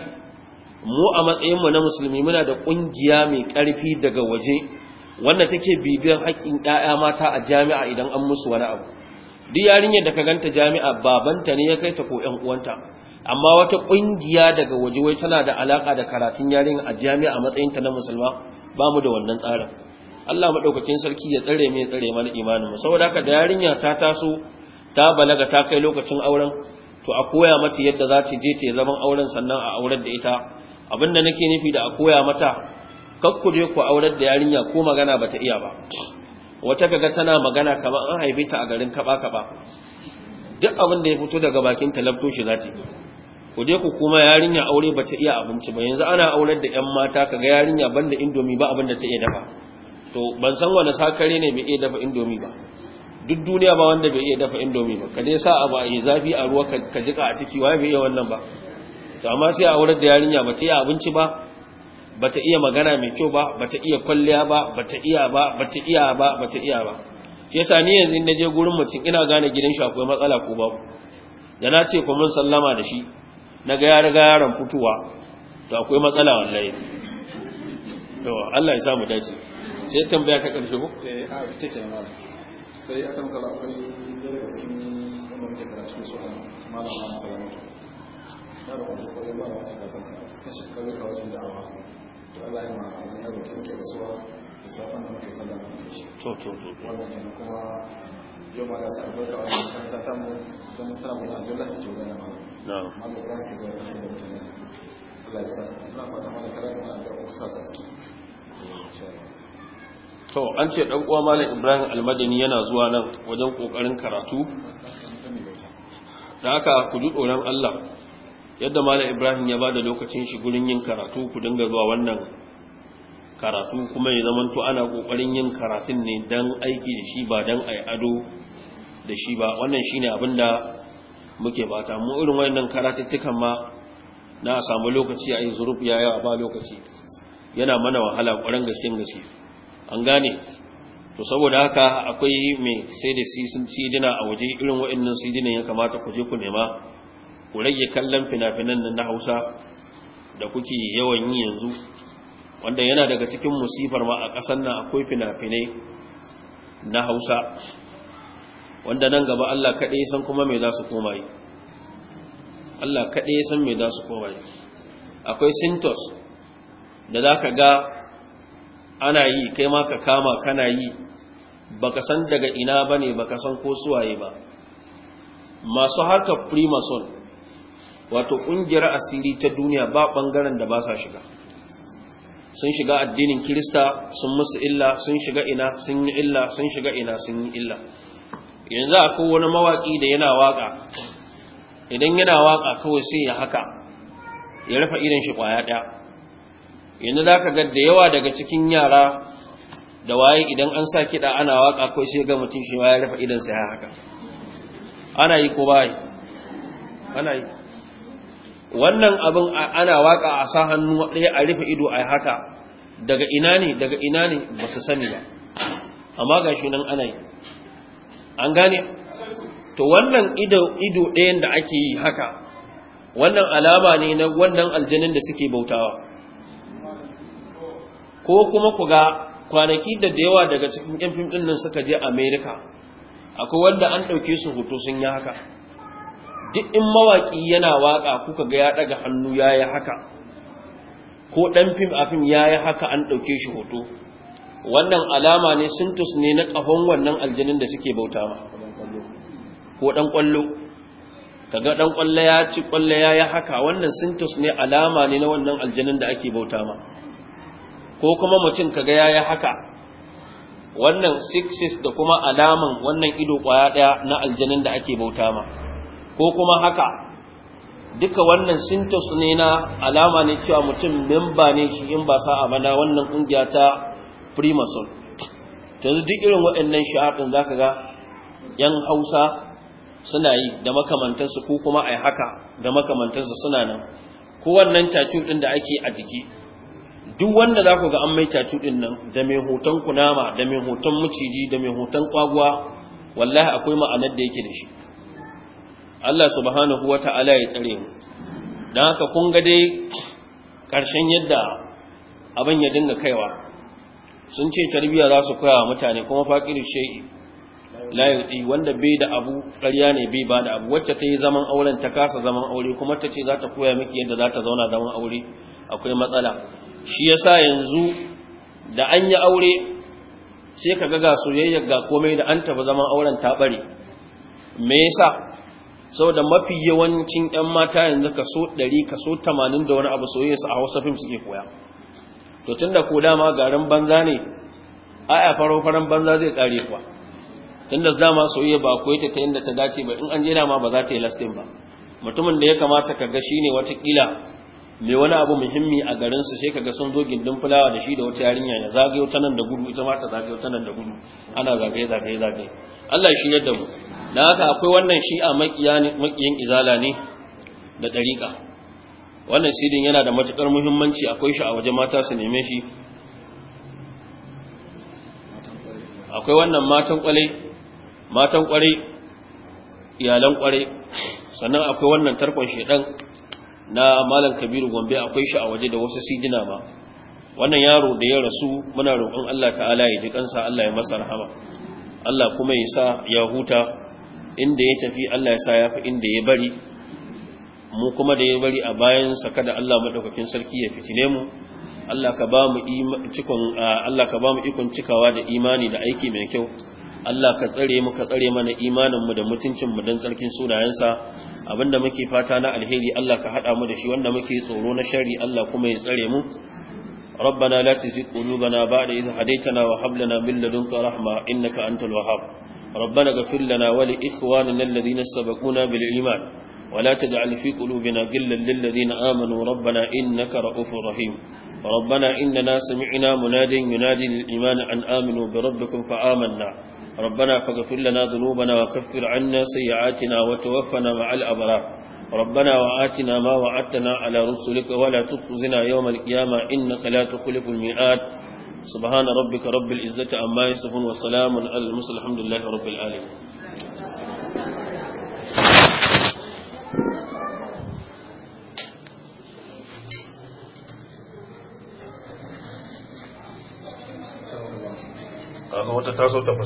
mu a matsayin mu na musulmi muna da kungiya mai karfi daga waje wanda take bibiyar haƙƙin ƴaƴa mata a jami'a idan an musu wani abu duk yarinyar da ka ganta jami'a babanta ne ya kai ta ko ƴan uwanta amma wata kungiya daga waje wai tana da alaka da karatun yarin a jami'a a matsayin ta na musulma ba mu da wannan tsarin Allah madaukakin sarki ya tsare mai tsare mana imanin mu saboda haka da yarinya ta taso ta balaga ta kai lokacin auren to a koya mata yadda za ta je ta zaman auren sannan a aurar da ita abinda nake nufi da a koya mata kakku je ku aurar da yarinya ko magana bata iya ba wata kaga tana magana kamar an haife ta a garin kaba kaba duk abin da ya fito daga bakin talabto shi za ta yi ku je ku kuma yarinya aure ba ta iya abinci ba yanzu ana aurar da yan mata kaga yarinya banda indomi ba abin da ta iya dafa to ban san wani sakare ne bai iya dafa indomi ba duk duniya ba wanda bai iya dafa indomi ba ka dai sa ba yi zafi a ruwa ka jika a ciki wa bai iya wannan ba to amma sai a aurar da yarinya ba ta iya abinci ba ba ta iya magana mai kyau ba ba ta iya kwalliya ba ba ta iya ba ba ta iya ba ba ta iya ba shi yasa ni yanzu na je gurin mutum ina gane gidan shi akwai matsala ko babu da na ce kuma sallama da shi na ga ya riga yaron fituwa to akwai matsala wallahi to Allah ya samu dace sai tambaya ta karshe ko eh a ta ke na sai a tambaya kala akwai da cikin wannan wanda muke karatu su a malama sallama da ba su koyi ba da wasu kasan ka kawai kawai da da'awa to Allah ya ma ya rubuta ke da suwa to an ce ɗan’uwa malin ibrahim almadani yana zuwa nan wajen ƙoƙarin karatu da aka kudu ɗoran allah yadda malin ibrahim ya ba da lokacin shi gurin yin karatu ku dinga zuwa wannan karatu kuma ya zamanto ana kokarin yin karatun ne dan aiki da shi ba dan ai ado da shi ba wannan shine abin da muke bata mu irin wayannan karatuttukan ma na samu lokaci a yi zuruf ya yawa ba lokaci yana mana wahala kwarin gaske gaske an gane to saboda haka akwai mai sai da sisin sidina a waje irin wayannan sidinan ya kamata ku je ku nema ku rage kallon fina-finan nan na Hausa da kuke yawan yi yanzu wanda yana daga cikin musifar ma a ƙasar nan akwai fina-finai na hausa wanda nan gaba Allah kaɗai san kuma mai za su koma yi Allah kaɗai san mai za su koma yi akwai sintos da za ka ga ana yi kai ma ka kama kana yi baka san daga ina ba ne baka san ko suwaye ba masu harkar primason wato ƙungiyar asiri ta duniya ba ɓangaren da ba sa shiga sun shiga addinin kirista sun musu illa sun shiga ina sun yi illa sun shiga ina sun yi illa yanzu akwai wani mawaƙi da yana waƙa idan yana waƙa kawai sai ya haka ya rufe idan shi ƙwaya ɗaya yanzu za ka ga da yawa daga cikin yara da waye idan an sa kiɗa ana waƙa kawai sai ga mutum shi ya rufe sai ya haka ana yi ko ba ana yi wannan abin ana waka a sa hannu ɗaya a rufe ido a haka daga ina ne daga ina ne ba su sani ba amma ga shi nan ana yi an gane to wannan ido ɗayan da ake yi haka wannan alama ne na wannan aljanin da suke bautawa ko kuma ku ga kwanaki da da yawa daga cikin yan fim ɗin nan suka je amerika akwai wanda an ɗauke su hoto sun yi haka duk in mawaƙi yana waƙa kuka ga ya ɗaga hannu ya yi haka ko ɗan fim a fim ya yi haka an ɗauke shi hoto wannan alama ne sintus ne na ƙahon wannan aljinin da suke bauta ma ko ɗan ƙwallo kaga ɗan ƙwallo ya ci ƙwallo ya yi haka wannan sintus ne alama ne na wannan aljinin da ake bauta ma ko kuma mutum kaga ya yi haka wannan sixes da kuma alaman wannan ido ƙwaya ɗaya na aljinin da ake bauta ma ko kuma haka duka wannan sintos ne na alama ne cewa mutum memba ne shi in ba sa amana wannan kungiya ta freemason yanzu duk irin waɗannan za zaka ga yan hausa suna yi da makamantarsu ko kuma a haka da makamantarsu suna nan ko wannan ɗin da ake a jiki duk wanda za ku ga an mai tatu ɗin nan da mai hoton kunama da mai hoton maciji da mai hoton kwagwa wallahi akwai ma'anar da yake da shi Allah subhanahu ta'ala ya tsare mu dan haka kun ga dai karshen yadda abin ya dinga kaiwa sun ce tarbiyya za su koya mutane kuma faqiru shay'i la yudi wanda bai da abu ƙarya ne bai ba da abu wacce ta yi zaman auren ta kasa zaman aure kuma ta ce za ta koya miki yadda za ta zauna zaman aure akwai matsala shi yasa yanzu da an yi aure sai ka ga soyayya ga komai da an tafi zaman auren ta ɓare? me yasa saboda mafi yawancin 'yan mata yanzu kaso 100 kaso 80 da wani abu soyayya su a Hausa film suke koya to tunda ko dama garin banza ne aya faro faran banza zai kare kuwa tunda dama soyayya ba koyi ta yanda ta dace ba in an jira ma ba za ta yi lastin ba mutumin da ya kamata ka ga shine kila mai wani abu muhimmi a garin su sai kaga sun zo gindin fulawa da shi da wata yarinya ya zagayo ta nan da gudu ita ma ta zagayo ta nan da gudu ana zagaye zagaye zagaye Allah shi yadda mu da haka akwai wannan shi'a makiyin izala ne da ɗariƙa wannan sidin yana da matuƙar muhimmanci akwai shi a waje mata su neme shi akwai wannan matan ƙwarai matan iyalan ƙwarai sannan akwai wannan tarkon shedan na malam kabiru gombe akwai shi a waje da wasu sidina ba. wannan yaro da ya rasu muna roƙon Allah ta'ala ya ji kansa Allah ya masa rahama Allah kuma ya sa ya huta inda ya tafi Allah ya sa ya fi inda ya bari mu kuma da ya bari a bayansa kada Allah maɗaukakin sarki ya fitine mu Allah ka ba mu ikon cikawa da imani da aiki mai kyau Allah ka tsare mu ka tsare mana imaninmu da mutuncinmu don tsarkin sunayensa abinda muke fata na alheri Allah ka haɗa mu da shi wanda muke tsoro na shari Allah kuma ya tsare mu ربنا لا تزغ قلوبنا بعد إذ هديتنا وهب لنا من لدنك رحمة إنك أنت الوهاب ربنا اغفر لنا ولإخواننا الذين سبقونا بالإيمان ولا تجعل في قلوبنا غلا للذين آمنوا ربنا إنك رؤوف رحيم ربنا إننا سمعنا منادي ينادي للإيمان أن آمنوا بربكم فآمنا ربنا فاغفر لنا ذنوبنا وكفر عنا سيئاتنا وتوفنا مع الأبرار ربنا وآتنا ما وعدتنا على رسلك ولا تخزنا يوم القيامة إنك لا تخلف الميعاد سبحان ربك رب العزة عما يصفون وسلام على المرسلين الحمد لله رب العالمين أهو تتعصب تفسير